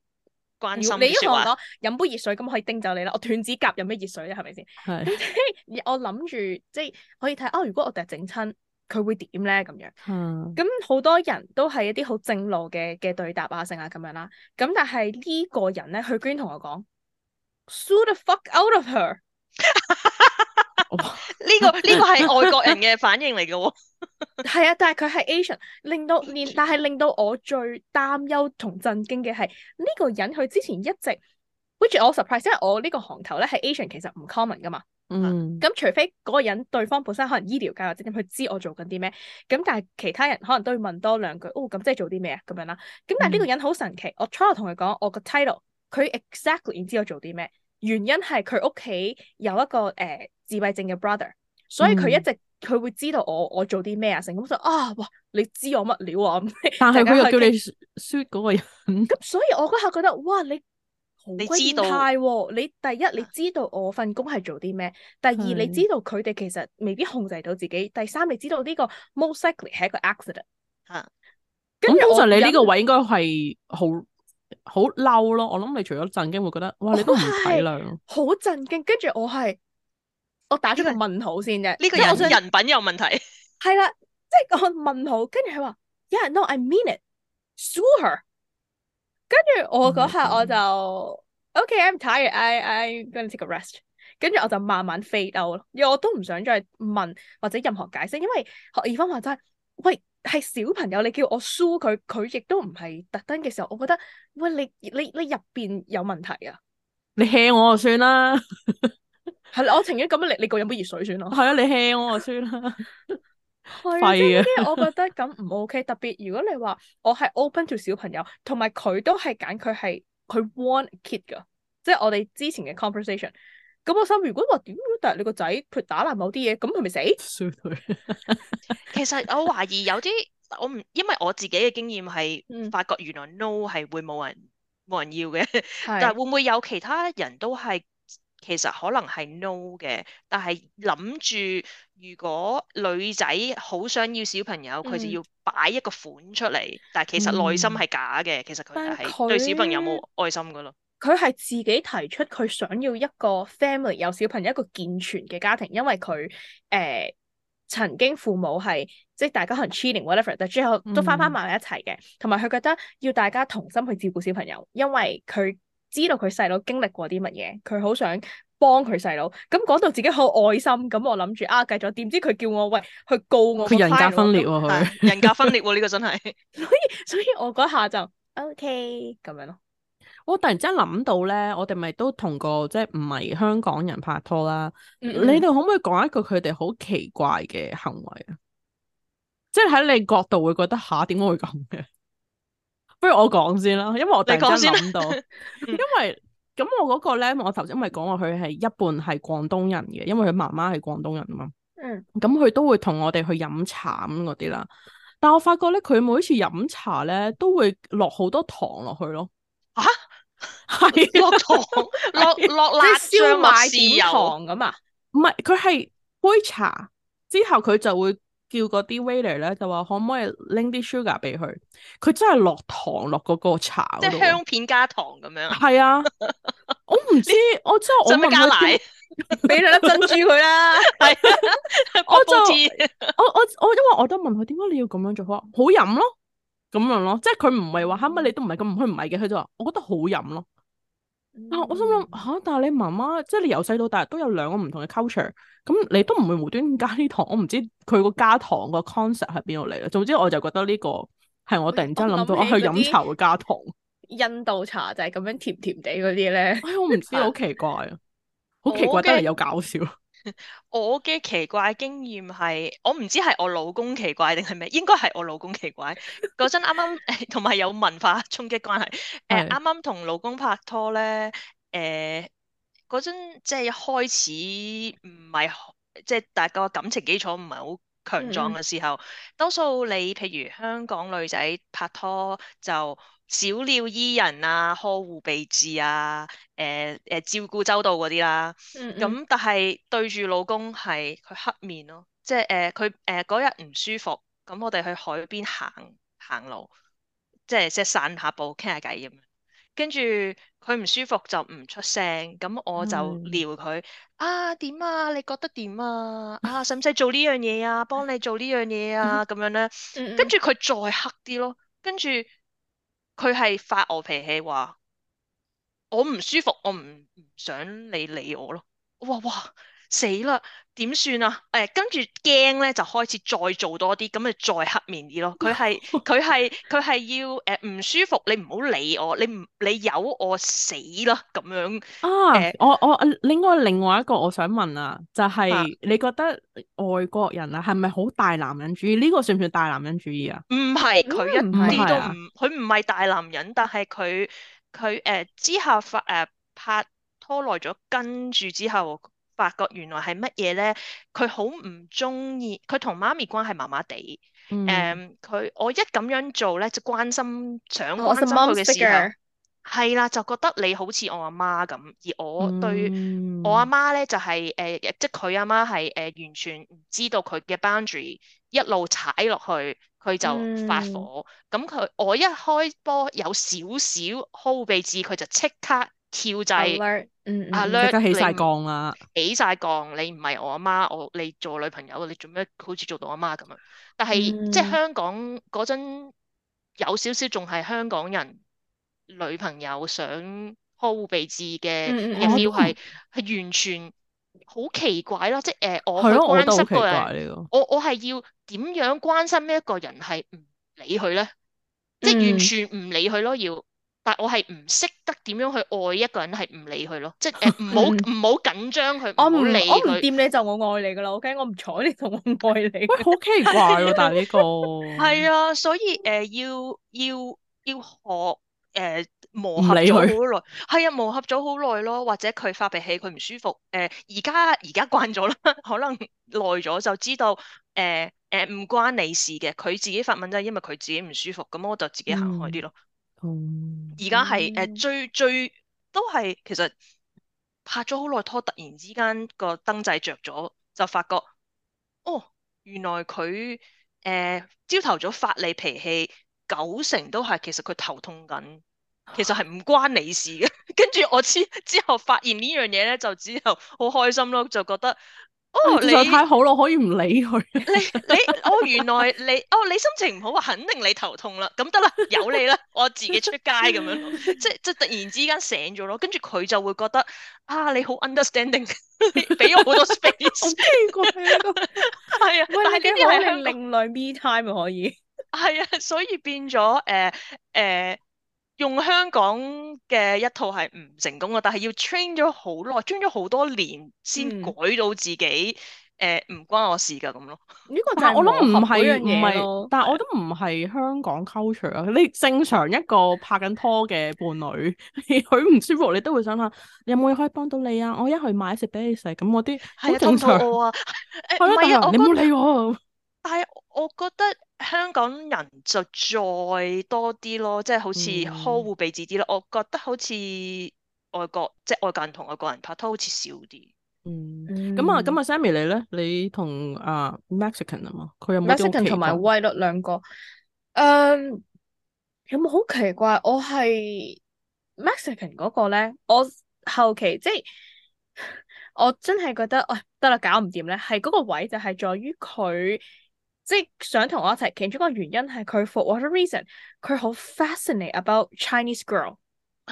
關心嘅説話。你要同我講飲杯熱水，咁可以叮走你啦。我斷指甲飲咩熱水咧？係咪先？係是。 我諗住即係可以睇哦。如果我第日整親，佢會點咧？咁樣。嗯。咁好多人都係一啲好正路嘅嘅對答啊，性啊咁樣啦。咁但係呢個人咧，居然同我講，sue the fuck out of her。
呢、啊，這個呢，這個係外國人嘅反應嚟
嘅。哦，係 啊，但係佢係 Asian，令到連但係令到我最擔憂同震驚嘅係呢個人，佢之前一直 which 我 surprise，因為我呢個行頭咧係 Asian，其實唔 common 噶嘛，嗯，咁、啊、除非嗰個人對方本身可能醫療界或者咁，佢知我做緊啲咩，咁但係其他人可能都要問多兩句，哦，咁即係做啲咩啊，咁樣啦，咁但係呢個人好神奇，嗯，我初頭同佢講我個 title，佢 exactly 唔知我做啲咩。原因係佢屋企有一個誒、呃、自閉症嘅 brother，嗯、所以佢一直佢會知道我我做啲咩啊，成咁就啊哇，你知我乜料啊？但係佢又叫你 sue 嗰個人，咁所以我嗰刻覺得哇，你、啊、你知道？喎！你第一你知道我份工係做啲咩，第二的你知道佢哋其實未必控制到自己，第三你知道呢、呢個 most likely 係一個 accident
嚇。咁通常你呢個位應該係好。好嬲咯！我諗你除咗震驚，會覺得哇，你都唔體諒。
好震驚，跟住我係我打出個問號先啫。呢個人人品有問題。係 啦，即係我問號，跟住佢話，Yeah, no, I mean it, sue her。跟住我嗰下我就、嗯、Okay, I'm tired, I I gonna take a rest。跟住我就慢慢 fade out 咯，因為我都唔想再問或者任何解釋，因為學 Yvonne 話齋，喂。係小朋友，你叫我輸佢，佢亦都唔係特登嘅時候，我覺得喂，你你你入邊有問題啊！
你 hea 我就算啦，係啦，我情願咁樣，你你夠飲杯熱水算啦。係啊，你 hea 我就算啦。係真啲， 我覺得咁唔 OK，
特別如果你話我係 open to 小朋友，同埋佢都係揀佢係佢 want kid 噶，即係我哋之前嘅 conversation。咁我心如果話點樣突你個仔佢打爛某啲嘢咁佢咪死？衰佢。其實我懷疑有啲
我唔因為我自己嘅經驗係、嗯、發覺原來 no 係會冇人冇人要嘅，是但係會唔會有其他人都係其實可能係 no 嘅，但係諗住如果女仔好想要小朋友，佢、嗯、就要擺一個款出嚟，但係其實內心係假嘅，嗯、其實佢係對小朋友冇愛心噶咯。
佢係自己提出佢想要一個 family 有小朋友，一個健全嘅家庭，因為佢誒、呃、曾經父母係即係大家可能 cheating whatever，但係最後都翻翻埋一齊嘅。同埋佢覺得要大家同心去照顧小朋友，因為佢知道佢細佬經歷過啲乜嘢，佢好想幫佢細佬。咁講到自己好愛心，咁我諗住啊，繼續。點知佢叫我喂去告我，佢人格分裂喎、啊，人格分裂呢、啊 啊這個真係。 所以所以我嗰下就 OK 咁樣咯。
我突然之間諗到咧，我哋咪都同個即係唔係香港人拍拖啦？嗯嗯。你哋可唔可以講一句佢哋好奇怪嘅行為啊？即係喺你角度會覺得嚇點解會咁嘅？不如我講先啦，因為我突然間諗到 因那那，因為咁我嗰個咧，我頭先咪講話佢係一半係廣東人嘅，因為佢媽媽係廣東人啊嘛。嗯。咁佢都會同我哋去飲茶嗰啲啦，但我發覺咧佢每次飲茶咧都會落好多糖落去咯。
吓、啊啊， 落糖落落辣椒、燒賣豉油
咁啊？唔係，佢係杯茶之後，佢就會叫嗰啲 waiter 咧，就話可唔可以拎啲 sugar 俾佢？佢真係落糖落嗰個茶，即係香
片加糖咁
樣。係啊，我唔知，我真係我加奶，俾兩粒珍珠佢啦。我就我我我，因為我都問佢，點解你要咁樣做？佢話好飲咯。咁樣咯，即係佢唔係話哈，乜你都唔係咁唔開唔係嘅，佢就話我覺得好飲咯。但、嗯啊、我心諗吓、啊，但係你媽媽即係你由細到大都有兩個唔同嘅 culture，咁你都唔會無端加啲糖。我唔知佢個加糖個 concept 係邊度嚟嘅。總之我就覺得呢個係我突然間諗到我去飲茶會加糖。
印度茶就係咁樣甜甜地
嗰啲咧。我唔知，好奇怪啊，好奇怪，真係的有搞笑。
我嘅奇怪經驗係，我唔知係我老公奇怪定係咩，應該係我老公奇怪。嗰陣啱啱，同埋有文化衝擊關係，誒、呃，啱啱同老公拍拖咧，誒、呃，嗰陣即係開始唔係，即係大家個感情基礎唔係好強壯嘅時候，嗯、多數你譬如香港女仔拍拖就。小鳥依人啊，呵護備至啊，誒、呃、誒、呃、照顧周到嗰啲啦。咁、嗯嗯、但係對住老公係佢黑面咯，即係誒佢誒嗰日唔舒服，咁我哋去海邊行行路，即係即係散下步傾下偈咁樣。跟住佢唔舒服就唔出聲，咁我就撩佢、嗯、啊點啊，你覺得點啊？ 啊使唔使做呢樣嘢啊？幫你做、啊、樣呢樣嘢啊咁樣咧。跟住佢再黑啲咯，跟住。佢係發我脾氣，話我唔舒服，我唔想你理我咯。我話哇。哇。死啦！點算啊？誒，跟住驚咧，就開始再做多啲，咁咪再黑面啲咯。佢係佢係佢係要誒唔舒服，你唔好理我，你唔你由我死咯咁樣。
啊！呃、我我另外另外一個我想問啊，就係你覺得外國人啊，係咪好大男人主義？呢個算唔算大男人主義啊？唔係佢一啲都唔
佢唔係大男人，但係佢佢誒之後發誒拍拖耐咗，跟住之後。發覺原來係乜嘢咧？佢好唔中意，佢同媽咪關係麻麻地。誒、mm. um,，佢我一咁樣做咧，就關心想關心佢嘅時候，係啦、oh,，就覺得你好似我阿媽咁。而我對、mm. 我阿媽咧，就係、是、誒，即係佢阿媽係誒、呃，完全唔知道佢嘅 boundary，一路踩落去佢就發火。咁佢、mm. 嗯、我一開波有少少 hold 鼻子，佢就即刻。跳就
阿叻，起晒槓啊，
起晒槓。你唔係我阿媽，我你做女朋友，你做咩好似做到阿媽咁樣？但係、mm hmm. 即係香港嗰陣有少少仲係香港人女朋友想呵護備至嘅，要、mm hmm. 係係、mm hmm. 完全好奇怪咯。即係誒、呃，我關心一個人，我我係要點樣關心一個人係唔理佢咧
？Mm hmm. 即係完
全唔理佢咯，要。但我係唔識得點樣去愛一個人係唔理佢咯，即係誒唔好唔好緊張佢，唔理佢。 我唔不掂他你就我愛你噶啦，OK，我唔睬你就我唔愛你。好奇怪咯，啊， 但係
呢個係
啊，所以誒、呃、要要要學誒、呃、磨合咗好耐，係啊磨合咗好耐咯，或者佢發脾氣佢唔舒服，誒而家而家慣咗啦，可能耐咗就知道誒誒唔關你事嘅，佢自己發問啫，因為佢自己唔舒服，咁我就自己行開啲咯。嗯哦，而家係誒，最最都係其實拍咗好耐拖，突然之間個燈掣着咗，就發覺哦，原來佢誒朝頭早發你脾氣，九成都係其實佢頭痛緊，其實係唔關你的事嘅。 跟住我之之後發現呢樣嘢咧，就之後好開心咯，就覺得。哦、你實在太
好咯，可以唔理佢。 你
你哦，原來你哦，你心情唔好啊，肯定你頭痛啦。咁得啦，由你啦， 我自己出街咁樣咯。即即突然之間醒咗咯，跟住佢就會覺得啊，你好 understanding，俾我好多 space。好奇 啊，係啊，但係呢啲係另類 me time 可以。係 啊，所以變咗誒誒。呃呃用香港嘅一套係唔成功咯，但係要 train 咗好耐，train 咗好多年先改到自己，誒唔、嗯呃、關我事噶咁咯。
呢個就係我諗唔係唔係，但係我都唔係香港 culture 啊，的啊。你正常一個拍緊拖嘅伴侶，佢唔舒服，你都會想下有冇嘢可以幫到你啊？我一去買一隻俾你食咁嗰啲好正常。
係啊，大、欸、華，你唔好理我。欸、但係我覺得。 香港人就再多啲咯，即係好似呵護彼此啲咯。嗯、我覺得好似外國即係外國人同外國人拍拖好似少啲。嗯，
咁啊、嗯，咁啊，Sammy 你咧，你同啊、uh, Mexican 啊嘛、OK，佢有冇？Mexican 同埋威
律兩個，誒、
um, 有冇好奇怪？我係 Mexican 嗰個咧，我後期即係我真係覺得，喂、哎，得啦，搞唔掂咧，係嗰個位就係在於佢。即係想同我一齊，其中一個原因係佢 for what reason 佢好 fascinate about Chinese girl。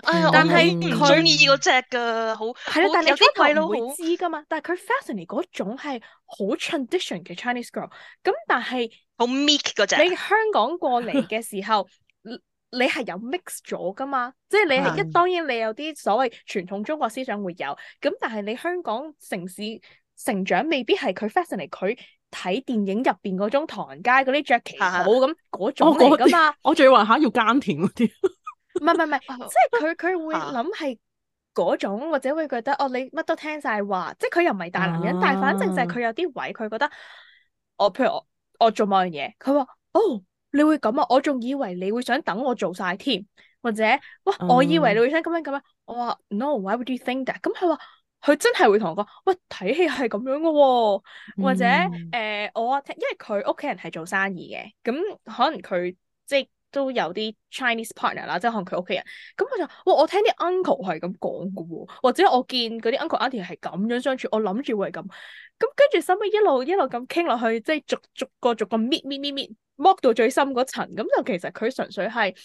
誒，的好但係佢中意個
隻噶好
係啦，但係你啲鬼佬會知噶嘛。好但係佢 fascinate 嗰種係好 tradition 嘅 Chinese girl。咁但係好 meek 嗰隻。你香港過嚟嘅時候， 你係有 mix 咗噶嘛？即係你係一，嗯、當然你有啲所謂傳統中國思想會有。咁但係你香港城市成長未必係佢 fascinate 佢。睇電影入邊嗰種唐人街嗰啲着旗袍咁嗰種嚟噶嘛？哦、
我仲要話嚇要耕田嗰啲，
唔係唔係唔係，哦、即係佢佢會諗係嗰種，或者會覺得哦你乜都聽晒話，即係佢又唔係大男人，啊、但係反正就係佢有啲位，佢覺得我、哦、譬如我我做某樣嘢，佢話，哦你會咁啊，我仲以為你會想等我做晒添，或者哇、嗯、我以為你會想咁樣咁樣、啊，我話 No, why would you think that? 咁佢話。佢真係會同我講，喂睇戲係咁樣嘅喎、哦，或者誒、嗯呃、我啊，因為佢屋企人係做生意嘅，咁可能佢即係都有啲 Chinese partner 啦，即係可能佢屋企人，咁我就哇我聽啲 uncle 係咁講嘅喎，或者我見嗰啲 uncle auntie 係咁樣相處，我諗住會係咁，咁跟住後尾一路一路咁傾落去，即係逐逐，逐個逐個搣搣搣搣，剝到最深嗰層，咁就其實佢純粹係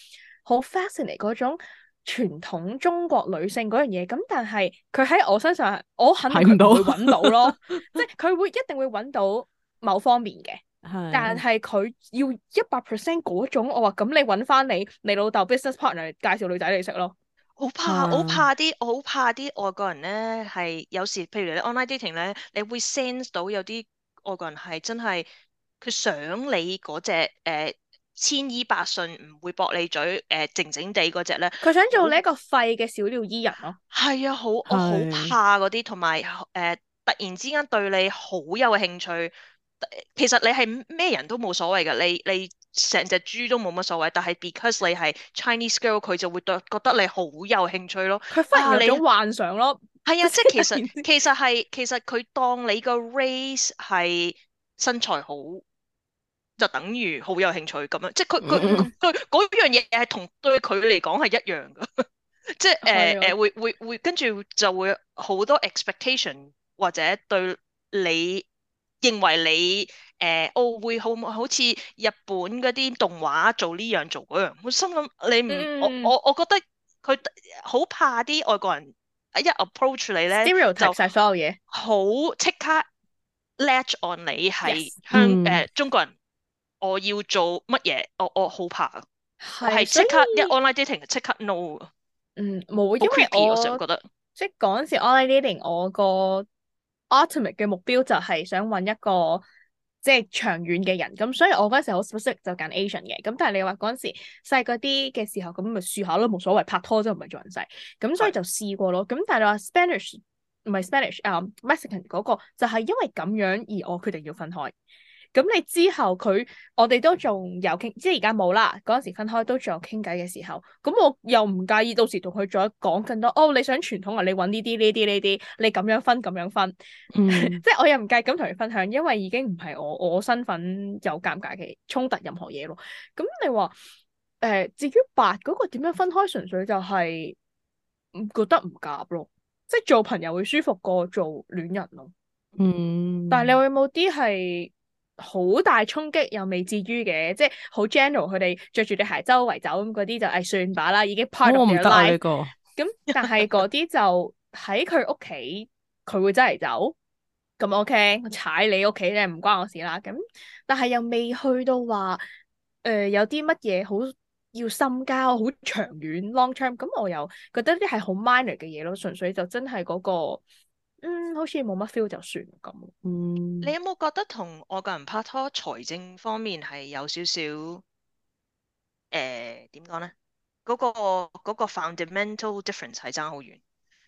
好 fascinate 嗰種。傳統中國女性嗰樣嘢，咁但係佢喺我身上，我肯定會揾到咯，看不到 即係佢會一定會揾到某方面嘅。 但係佢要一百 percent 嗰種，我話咁你揾翻你你老豆 business partner 介紹女
仔你識咯。我怕，我、嗯、怕啲，我好怕啲外國人咧係有時，譬如你 online dating 咧，你會 sense 到有啲外國人係真係佢想你嗰隻誒。呃千依百順唔會駁你嘴，誒靜靜地嗰隻咧，佢想做你一個廢嘅小鳥依人咯。係、嗯、啊，好我好怕嗰啲，同埋誒突然之間對你好有興趣。其實你係咩人都冇所謂噶，你你成隻豬都冇乜所謂。但係 because 你係 Chinese girl，佢就會對覺得你好有興趣咯。佢發現咗幻想咯。係啊， 啊，即係其實 其實係其實佢當你個 race 係身材好。就等於好有興趣咁樣，即係佢佢佢嗰樣嘢係同對佢嚟講係一樣噶， 即係誒誒會會會跟住就會好多 expectation 或者對你認為你誒我、呃哦、會好好似日本嗰啲動畫做呢樣做嗰樣，好心諗你唔我我我覺得佢好怕啲外國人一 approach 你咧，Stereotype 就就好晒所有嘢，好即刻 latch on 你係 Yes. 香、誒、嗯、中國人。我要做乜嘢？我我好怕，
係即刻
一 online dating，即刻 no。嗯，冇，因為我,我,覺得我,我即係嗰
陣時 online dating，我個 ultimate 嘅目標就係想揾一個即係長遠嘅人，咁所以我嗰陣時好 specific 就揀 Asian 嘅。咁但係你話嗰陣時細個啲嘅時候，咁咪試下咯，冇所謂，拍拖啫，唔係做人世。咁所以就試過咯。咁是但係你話 Spanish 唔係 Spanish，誒、啊、Mexican 嗰個就係因為咁樣而我決定要分開。咁你之後佢，我哋都仲有傾，即係而家冇啦。嗰陣時分開都仲有傾偈嘅時候，咁我又唔介意到時同佢再講更多。哦，你想傳統啊？你揾呢啲呢啲呢啲，你咁樣分咁樣分，樣
分
即係我又唔介意咁同佢分享，因為已經唔係我我身份有尷尬嘅衝突任何嘢咯。咁你話誒、呃，至於白嗰個點樣分開，純粹就係覺得唔夾咯，即係做朋友會舒服過做戀人咯。嗯，但係你有冇啲係好大衝擊又未至於嘅，即係好 general，佢哋着住對鞋周圍走咁嗰啲就誒、哎、算吧啦，已經 p、哦、我唔得呢。咁但係嗰啲就喺佢屋企，佢會真係走，咁 OK，踩你屋企咧，唔關我事啦。咁但係又未去到話誒、呃、有啲乜嘢好要深交，好長遠 long term。咁我又覺得啲係好 minor 嘅嘢咯，純粹就真係嗰、那個。嗯，好似冇乜 feel 就算咁。嗯，
你有冇覺得同外國人拍拖財政方面係有少少？誒點講咧？嗰個、嗰個、fundamental difference 係爭好遠。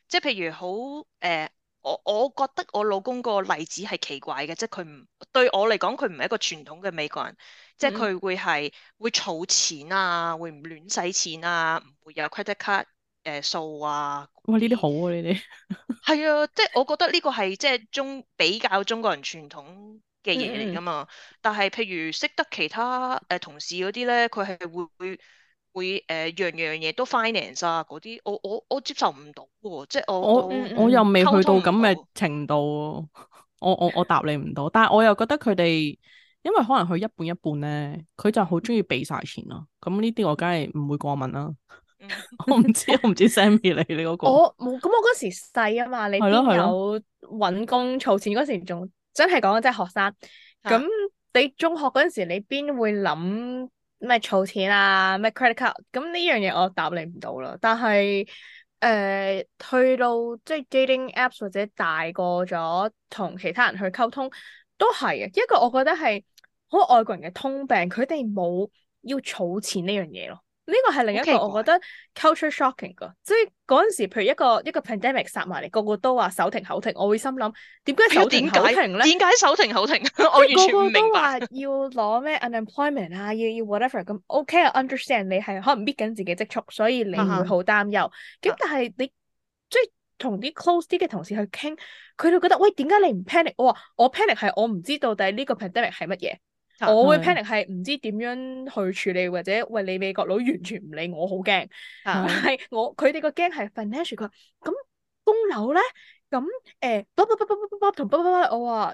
即係譬如好誒、呃，我我覺得我老公個例子係奇怪嘅，即係佢唔，對我嚟講佢唔係一個傳統嘅美國人。嗯、即係佢會係會儲錢啊，會唔亂使錢啊，唔會有 credit card 誒、呃、數啊。
哇！呢啲好啊，呢啲
係啊，即係我覺得呢個係即係中比較中國人傳統嘅嘢嚟噶嘛。嗯嗯，但係譬如識得其他誒、呃、同事嗰啲咧，佢係會會誒、呃、樣樣嘢都 finance 啊嗰啲，我我我接受唔到嘅，即係我嗯嗯，我又未去到咁
嘅程度，嗯嗯，我我我答你唔到。但係我又覺得佢哋因為可能去一半一半咧，佢就好中意俾晒錢咯。咁呢啲我梗係唔會過問啦。 我唔知， 我唔知 Sammy 你嗰個。 那我
冇，咁我嗰時細啊嘛，你邊有搵工儲錢嗰時仲真係講緊，即係學生。咁你中學嗰時你邊會諗咩儲錢啊？咩 credit card？咁呢樣嘢我答你唔到啦。但係誒、呃，去到即係、就是、dating apps 或者大個咗，同其他人去溝通都係嘅。一個我覺得係好外國人嘅通病，佢哋冇要儲錢呢樣嘢咯。
呢個係另一個我覺
得 culture shocking 噶，所以嗰陣時，譬如一個一個 pandemic 殺埋嚟，個個都話手停口停，我會心諗點解手停口停咧？點解、哎、手停口停？我完全唔明白。要攞咩 unemployment 啊？要要 whatever 咁 OK 啊？Understand 你係可能搣緊自己積蓄，所以你會好擔憂。咁哈但係你、啊、即係同啲 close 啲嘅同事去傾，佢哋覺得喂，點解你唔 panic？我話我 panic 係我唔知到底呢個 pandemic 係乜嘢。我會 panic 係唔知點樣去處理，或者喂你美國佬完全唔理我，我，好驚。係、呃、我佢哋個驚係 financial，佢話咁供樓咧，咁誒，同我話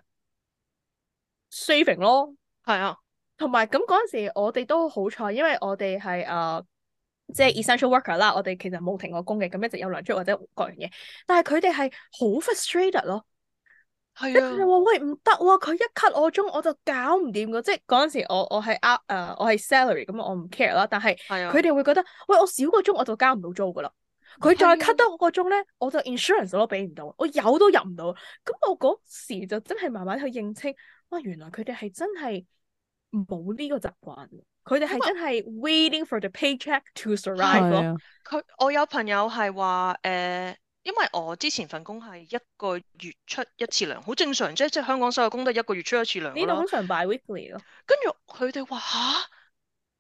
saving 咯，係啊，同埋咁嗰陣時我哋都好彩，因為我哋係誒即係 essential worker 啦，我哋其實冇停過工嘅，咁一直有糧出或者各樣嘢。但係佢哋係好 frustrated 咯。係啊！佢哋話：喂，唔得喎，佢一 cut 我鐘我就搞唔掂噶。即係嗰陣時我，我、呃、我係 up 我係 salary 咁我唔 care 啦。但係佢哋會覺得：喂，我少個鐘我就交唔到租噶啦。佢再 cut 多我個鐘咧，的我就 insurance 我都俾唔到，我有都入唔到。咁我嗰時就真係慢慢去認清，喂，原來佢哋係真係冇呢個習慣。佢哋係真係
waiting for the paycheck to survive。佢我有朋友係話誒。呃因為我之前份工係一個月出一次糧，好正常啫，即係香港所有工都係一個月出一次糧。呢度好常 by weekly 咯。跟住佢哋話吓，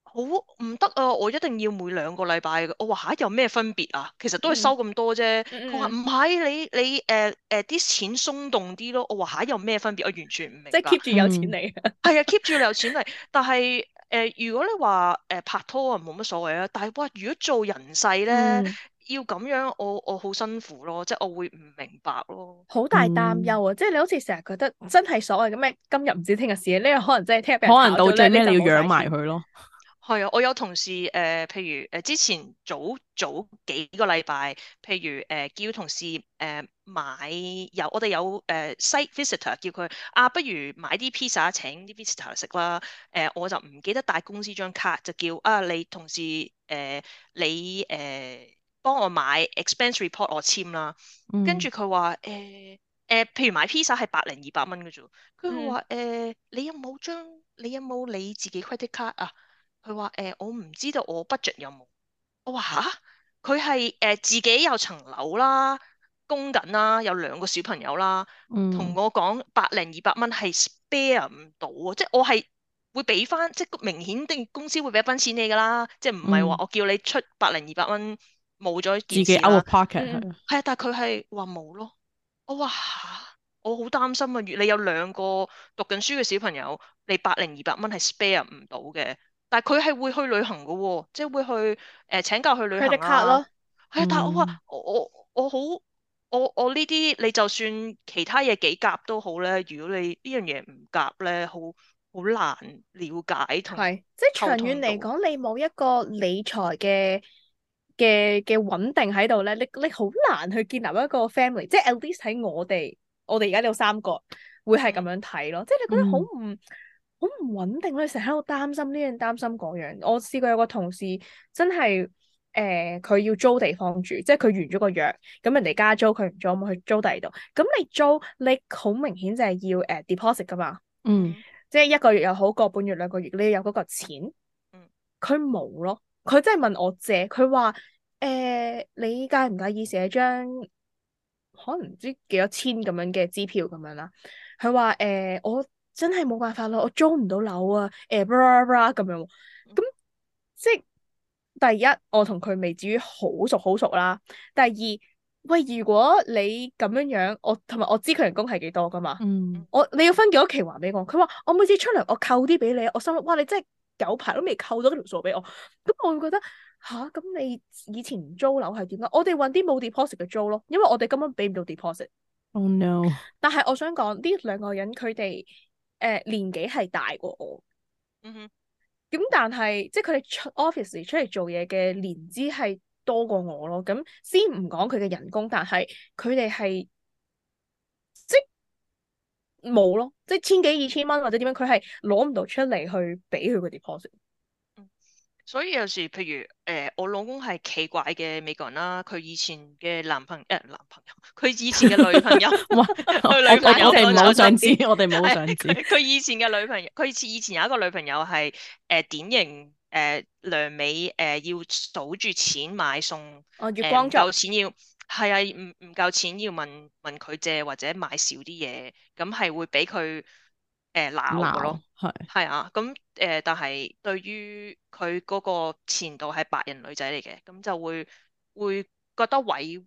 好唔得啊，我一定要每兩個禮拜嘅。我話吓，有咩分別啊？其實都係收咁多啫。佢話唔係，你你、誒誒，啲錢鬆動啲咯。我話吓，有咩分別？我完全唔明。即係 keep 住有錢嚟。嗯。係啊，keep 住有錢嚟。但係誒、呃，如果你話誒、呃、拍拖啊，冇乜所謂啊。但係哇、呃，如果做人世咧。嗯要咁樣，我我好辛苦咯，即係我會唔明白咯，
好大擔憂啊！嗯、即係你好似成日覺得真係所謂咁咩？今日唔知聽日事，呢個可能真係聽日，可能到最後咧，要養埋佢
咯。係啊，我有同事誒、呃，譬如誒之前早早幾個禮拜，譬如誒、呃、叫同事誒、呃、買有我哋有誒、呃、site visitor 叫佢啊，不如買啲 pizza 請啲 visitor 食啦。誒、呃、我就唔記得帶公司張卡，就叫啊你同事誒、呃、你誒。呃你啊你啊啊你幫我買 expense report，我簽啦。嗯、跟住佢話誒誒，譬如買 pizza 係百零二百蚊嘅啫。佢話誒，你有冇張你有冇你自己 credit card 啊？佢話誒，我唔知道我 budget 有冇。我話吓？佢係誒自己有層樓啦，供緊啦，有兩個小朋友啦，
同、嗯、我
講百零二百蚊係 spare 唔到啊！即係我係會俾翻，即係明顯定公司會俾一筆錢你㗎啦，即係唔係話我叫你出百零二百蚊？冇咗自己 out of pocket 係啊，但係佢係話冇咯。我話我好擔心啊！你有兩個讀緊書嘅小朋友，你百零二百蚊係 spare 唔到嘅。但係佢係會去旅行嘅喎，即係會去誒、呃、請教去旅行啊。佢啲卡咯。係啊、嗯，但係我話我我，我好，我我呢啲你就算其他嘢幾夾都好咧，如果你呢樣嘢唔夾咧，好好難了解同。係，即係長遠嚟
講，你冇一個理財嘅。嘅嘅穩定喺度咧，你你好難去建立一個 family，即係 at least 喺我哋，我哋而家有三個，會係咁樣睇咯。即係你覺得好唔好唔穩定咧，成日喺度擔心呢樣擔心嗰樣。我試過有個同事真係誒，佢、呃、要租地方住，即係佢完咗個約，咁人哋加租，佢唔租，咪去租第二度。咁你租，你好明顯就係要誒、uh, deposit 噶嘛，嗯，即係一個月又好，個半月兩個月，你有嗰個錢，嗯，佢冇咯。佢真係問我借，佢話：誒、欸，你介唔介意寫張可能唔知幾多千咁樣嘅支票咁樣啦？佢話：誒、欸，我真係冇辦法啦，我租唔到樓啊！誒、欸，blah blah blah，咁樣，咁即係第一，我同佢未至於好熟好熟啦。第二，喂，如果你咁樣樣，我同埋我知佢人工係幾多噶嘛？嗯、我你要分幾多期還俾我？佢話：我每次出糧，我扣啲俾你，我心諗，哇，你真係～九排都未扣到嗰條數俾我。咁我會覺得吓，咁你以前租樓係點咧？我哋揾啲冇 deposit 嘅租咯，因為我哋根本俾唔到
deposit。Oh, no！
但係我想講呢兩個人佢哋誒年紀係大過我，咁、mm hmm. 但係即係佢哋出 office 出嚟做嘢嘅年資係多過我咯。咁先唔講佢嘅人工，但係佢哋係。冇咯，即係千幾二千蚊或者點樣，佢係攞唔到出嚟，去俾佢個 deposit。嗯，
所以有時譬如誒、呃，我老公係奇怪嘅美國人啦，佢以前嘅男朋誒男朋友，佢、呃、以前嘅女朋友，我我我哋唔好想知，我哋唔好想知，佢以前嘅女朋友，佢似 以、以前有一個女朋友係誒、呃、典型誒涼、呃、美誒、呃，要數住錢買餸，誒、呃、有、呃、錢要。係啊，唔唔夠錢要問問佢借或者買少啲嘢，咁係會俾佢誒鬧噶咯。係係啊，咁誒、呃，但係對於佢嗰個前度係白人女仔嚟嘅，咁就會會覺得委屈。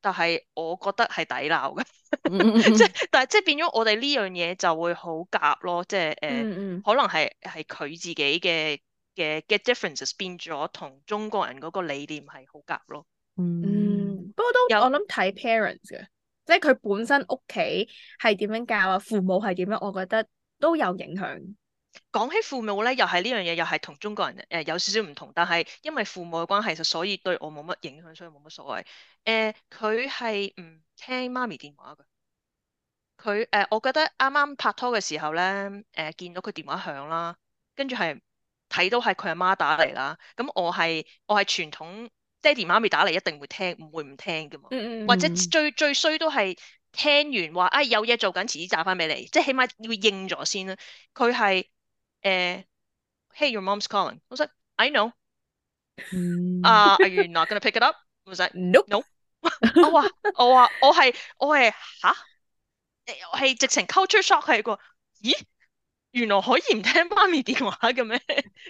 但係我覺得係抵鬧噶、 嗯嗯嗯， 即係但係即係變咗我哋呢樣嘢就會好夾咯。即係誒，呃嗯嗯、可能係係佢自己嘅嘅嘅 differences 變咗同中國人嗰個理念係好夾咯。嗯。
不過都有，我諗睇 parents 嘅，即係佢本身屋企係點樣教啊，父母係點樣，我覺得都
有影響。講起父母咧，又係呢樣嘢，又係同中國人誒、呃、有少少唔同。但係因為父母嘅關係，就所以對我冇乜影響，所以冇乜所謂。誒、呃，佢係唔聽媽咪電話嘅。佢誒、呃，我覺得啱啱拍拖嘅時候咧，誒、呃，見到佢電話響啦，跟住係睇到係佢阿媽打嚟啦。咁我係我係傳統。爹哋媽咪打嚟一定會聽，唔會唔聽噶嘛。Mm hmm. 或者最最衰都係聽完話，啊、哎、有嘢做緊，遲啲炸翻俾你，即係起碼要應咗先啦。佢係誒，Hey your mom's calling。我想：「I know。
啊、mm，你、hmm. not
gonna pick it up？我話，Nope，nope。我話，我話，我係我係嚇，係直情 culture shock 係喎。咦？原來可以唔聽媽咪電話嘅咩？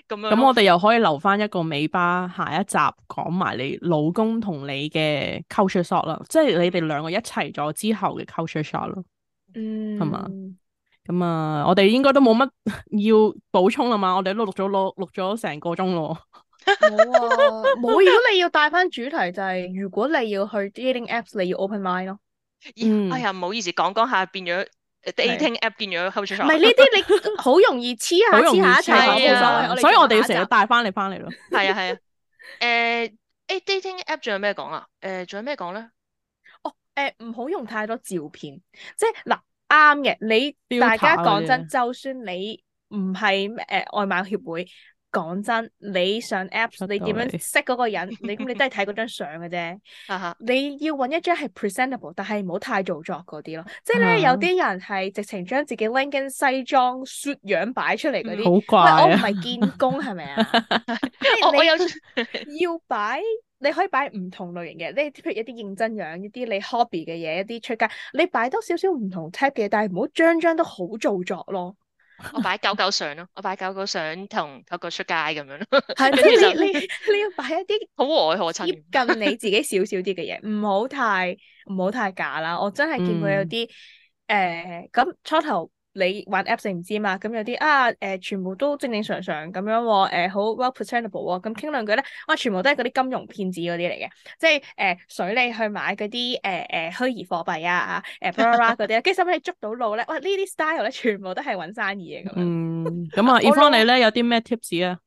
咁 樣，咁我哋又可
以留翻一個尾巴，下一集講埋你老公同你嘅 culture shot 啦，即係你哋兩個一齊咗之後嘅 culture shot 咯。嗯，係嘛？咁啊，我哋應該都冇乜要補充啦嘛，我哋都錄咗錄錄咗成個鐘咯。
冇、 啊、如果你要帶翻主題，就係、是、如果你要去 dating apps，你要
open mind 咯、哦。嗯、哎呀，唔好意思，講講下變咗。dating app 變咗，後處唔係呢啲，
是你好容易黐下黐下一齊 Yeah,、嗯、所以我哋要成日帶翻你翻嚟咯。係啊
係啊，誒誒、uh, uh, dating app 仲有咩講啊？誒仲有咩講咧？哦誒，唔好用太多照片，即係嗱啱嘅。你大家講真，
就算你唔係誒外貌協會。講真，你上 Apps，你點樣識嗰個人？你咁 你都係睇嗰張相嘅啫。啊哈！你要揾一張係 presentable，但係唔好太做作嗰啲咯。嗯、即係咧，有啲人係直情將自己拎緊西裝 suit 樣擺出嚟嗰啲，好怪、嗯啊，我唔係見工係咪啊？我有 要擺，你可以擺唔同類型嘅，你譬如一啲認真樣，一啲你 hobby 嘅嘢，一啲出街，你擺多少少唔同 type 嘅，但係唔好張張都好做作咯。
我擺狗狗相咯，我擺狗狗相同狗狗出街咁樣咯。係， 即係你
你要擺一啲好和藹可親、近你自己少少啲嘅嘢，唔好太唔好太假啦。我真係見過有啲誒，咁、嗯呃、初頭。你玩 Apps 唔知嘛？咁有啲啊誒、呃，全部都正正常常咁樣喎、啊，好、呃、well presentable 喎、啊。咁傾兩句咧，哇、啊，全部都係嗰啲金融騙子嗰啲嚟嘅，即係誒、呃、水你去買嗰啲誒誒虛擬貨幣啊誒嗰啲咧，跟住使唔使捉到路咧？哇，呢啲 style 咧，全部都係搵
生意嘅咁
嗯，咁啊 Yvonne 你咧有啲咩 tips 啊？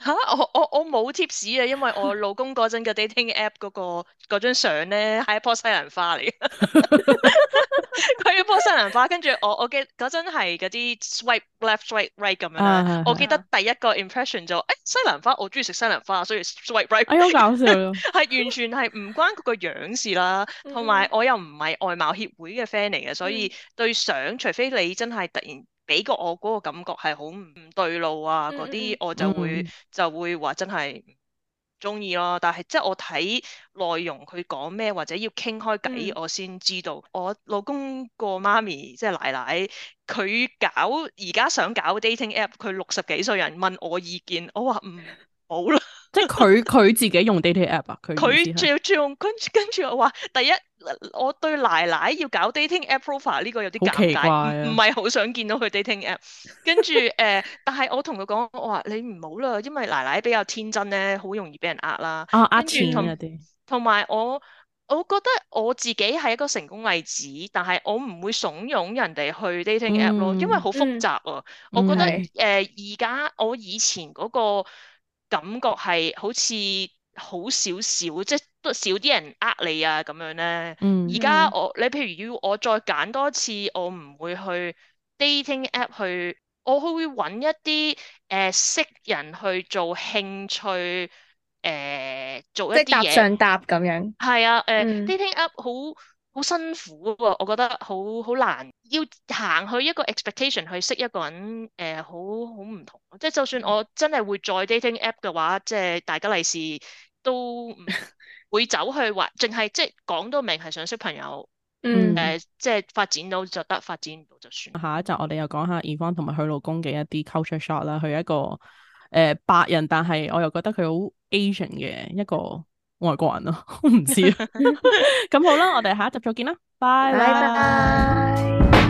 吓，我我我冇 tips 啊，因為我老公嗰陣嘅 dating app 嗰、嗰個嗰張相咧係一樖西蘭花嚟，佢 一樖西蘭花。跟住我我記嗰陣係嗰啲 swipe left, swipe right 咁樣，我記得第一個 impression 就誒、啊哎、呀西蘭花，我中意食西蘭花，所以 right, swipe right。好搞笑咯，係 完全係唔關佢個樣事啦。同埋 我又唔係外貌協會嘅 fan 嚟嘅，所以對相除非你真係突然。俾個我嗰個感覺係好唔對路啊！嗰啲、嗯、我就會、嗯、就會話真係中意咯。但係即係我睇內容佢講咩或者要傾開偈，我先知道。嗯、我老公個媽咪即係奶奶，佢搞而家想搞 dating app，佢六十幾歲人問我意見，我話唔
好啦。 即係佢佢自己用 dating app 啊？佢佢仲
要仲用跟跟住我話第一。我對奶奶要搞 dating app profile 呢個有啲尷尬，唔唔係好想見到佢 dating app 跟。呃、 跟住誒，但係我同佢講，我話你唔好啦，因為奶奶比較天真咧，好容易俾人呃啦。啊，壓同埋我，我覺得我自己係一個成功例子，但係我唔會慫恿人哋去 dating app 咯，嗯、因為好複雜啊。嗯、我覺得誒，而家、嗯嗯呃、我以前嗰個感覺係好似。好少少，即係都少啲人呃你啊咁樣咧。而家、嗯、我你譬如要我再揀多次，我唔會去 dating app 去，我會揾一啲誒、呃、識人去做興趣誒、呃、做一啲嘢搭上
搭咁樣。
係啊，誒、呃嗯、dating app 好好辛苦喎，啊，我覺得好好難，要行去一個 expectation 去識一個人誒，好好唔同。即係就算我真係會再 dating app 嘅話，即係大吉利是。都會走去話，淨係即係講到明係想識朋友，誒、嗯呃、即係發展到就得，發展唔到就
算。下一集我哋又講下 e 方同埋佢老公嘅一啲 culture s h o t 啦。佢一個誒、呃、白人，但係我又覺得佢好 Asian 嘅一個外國人咯，唔知啊。咁好啦，我哋下一集再見啦，拜拜。Bye bye。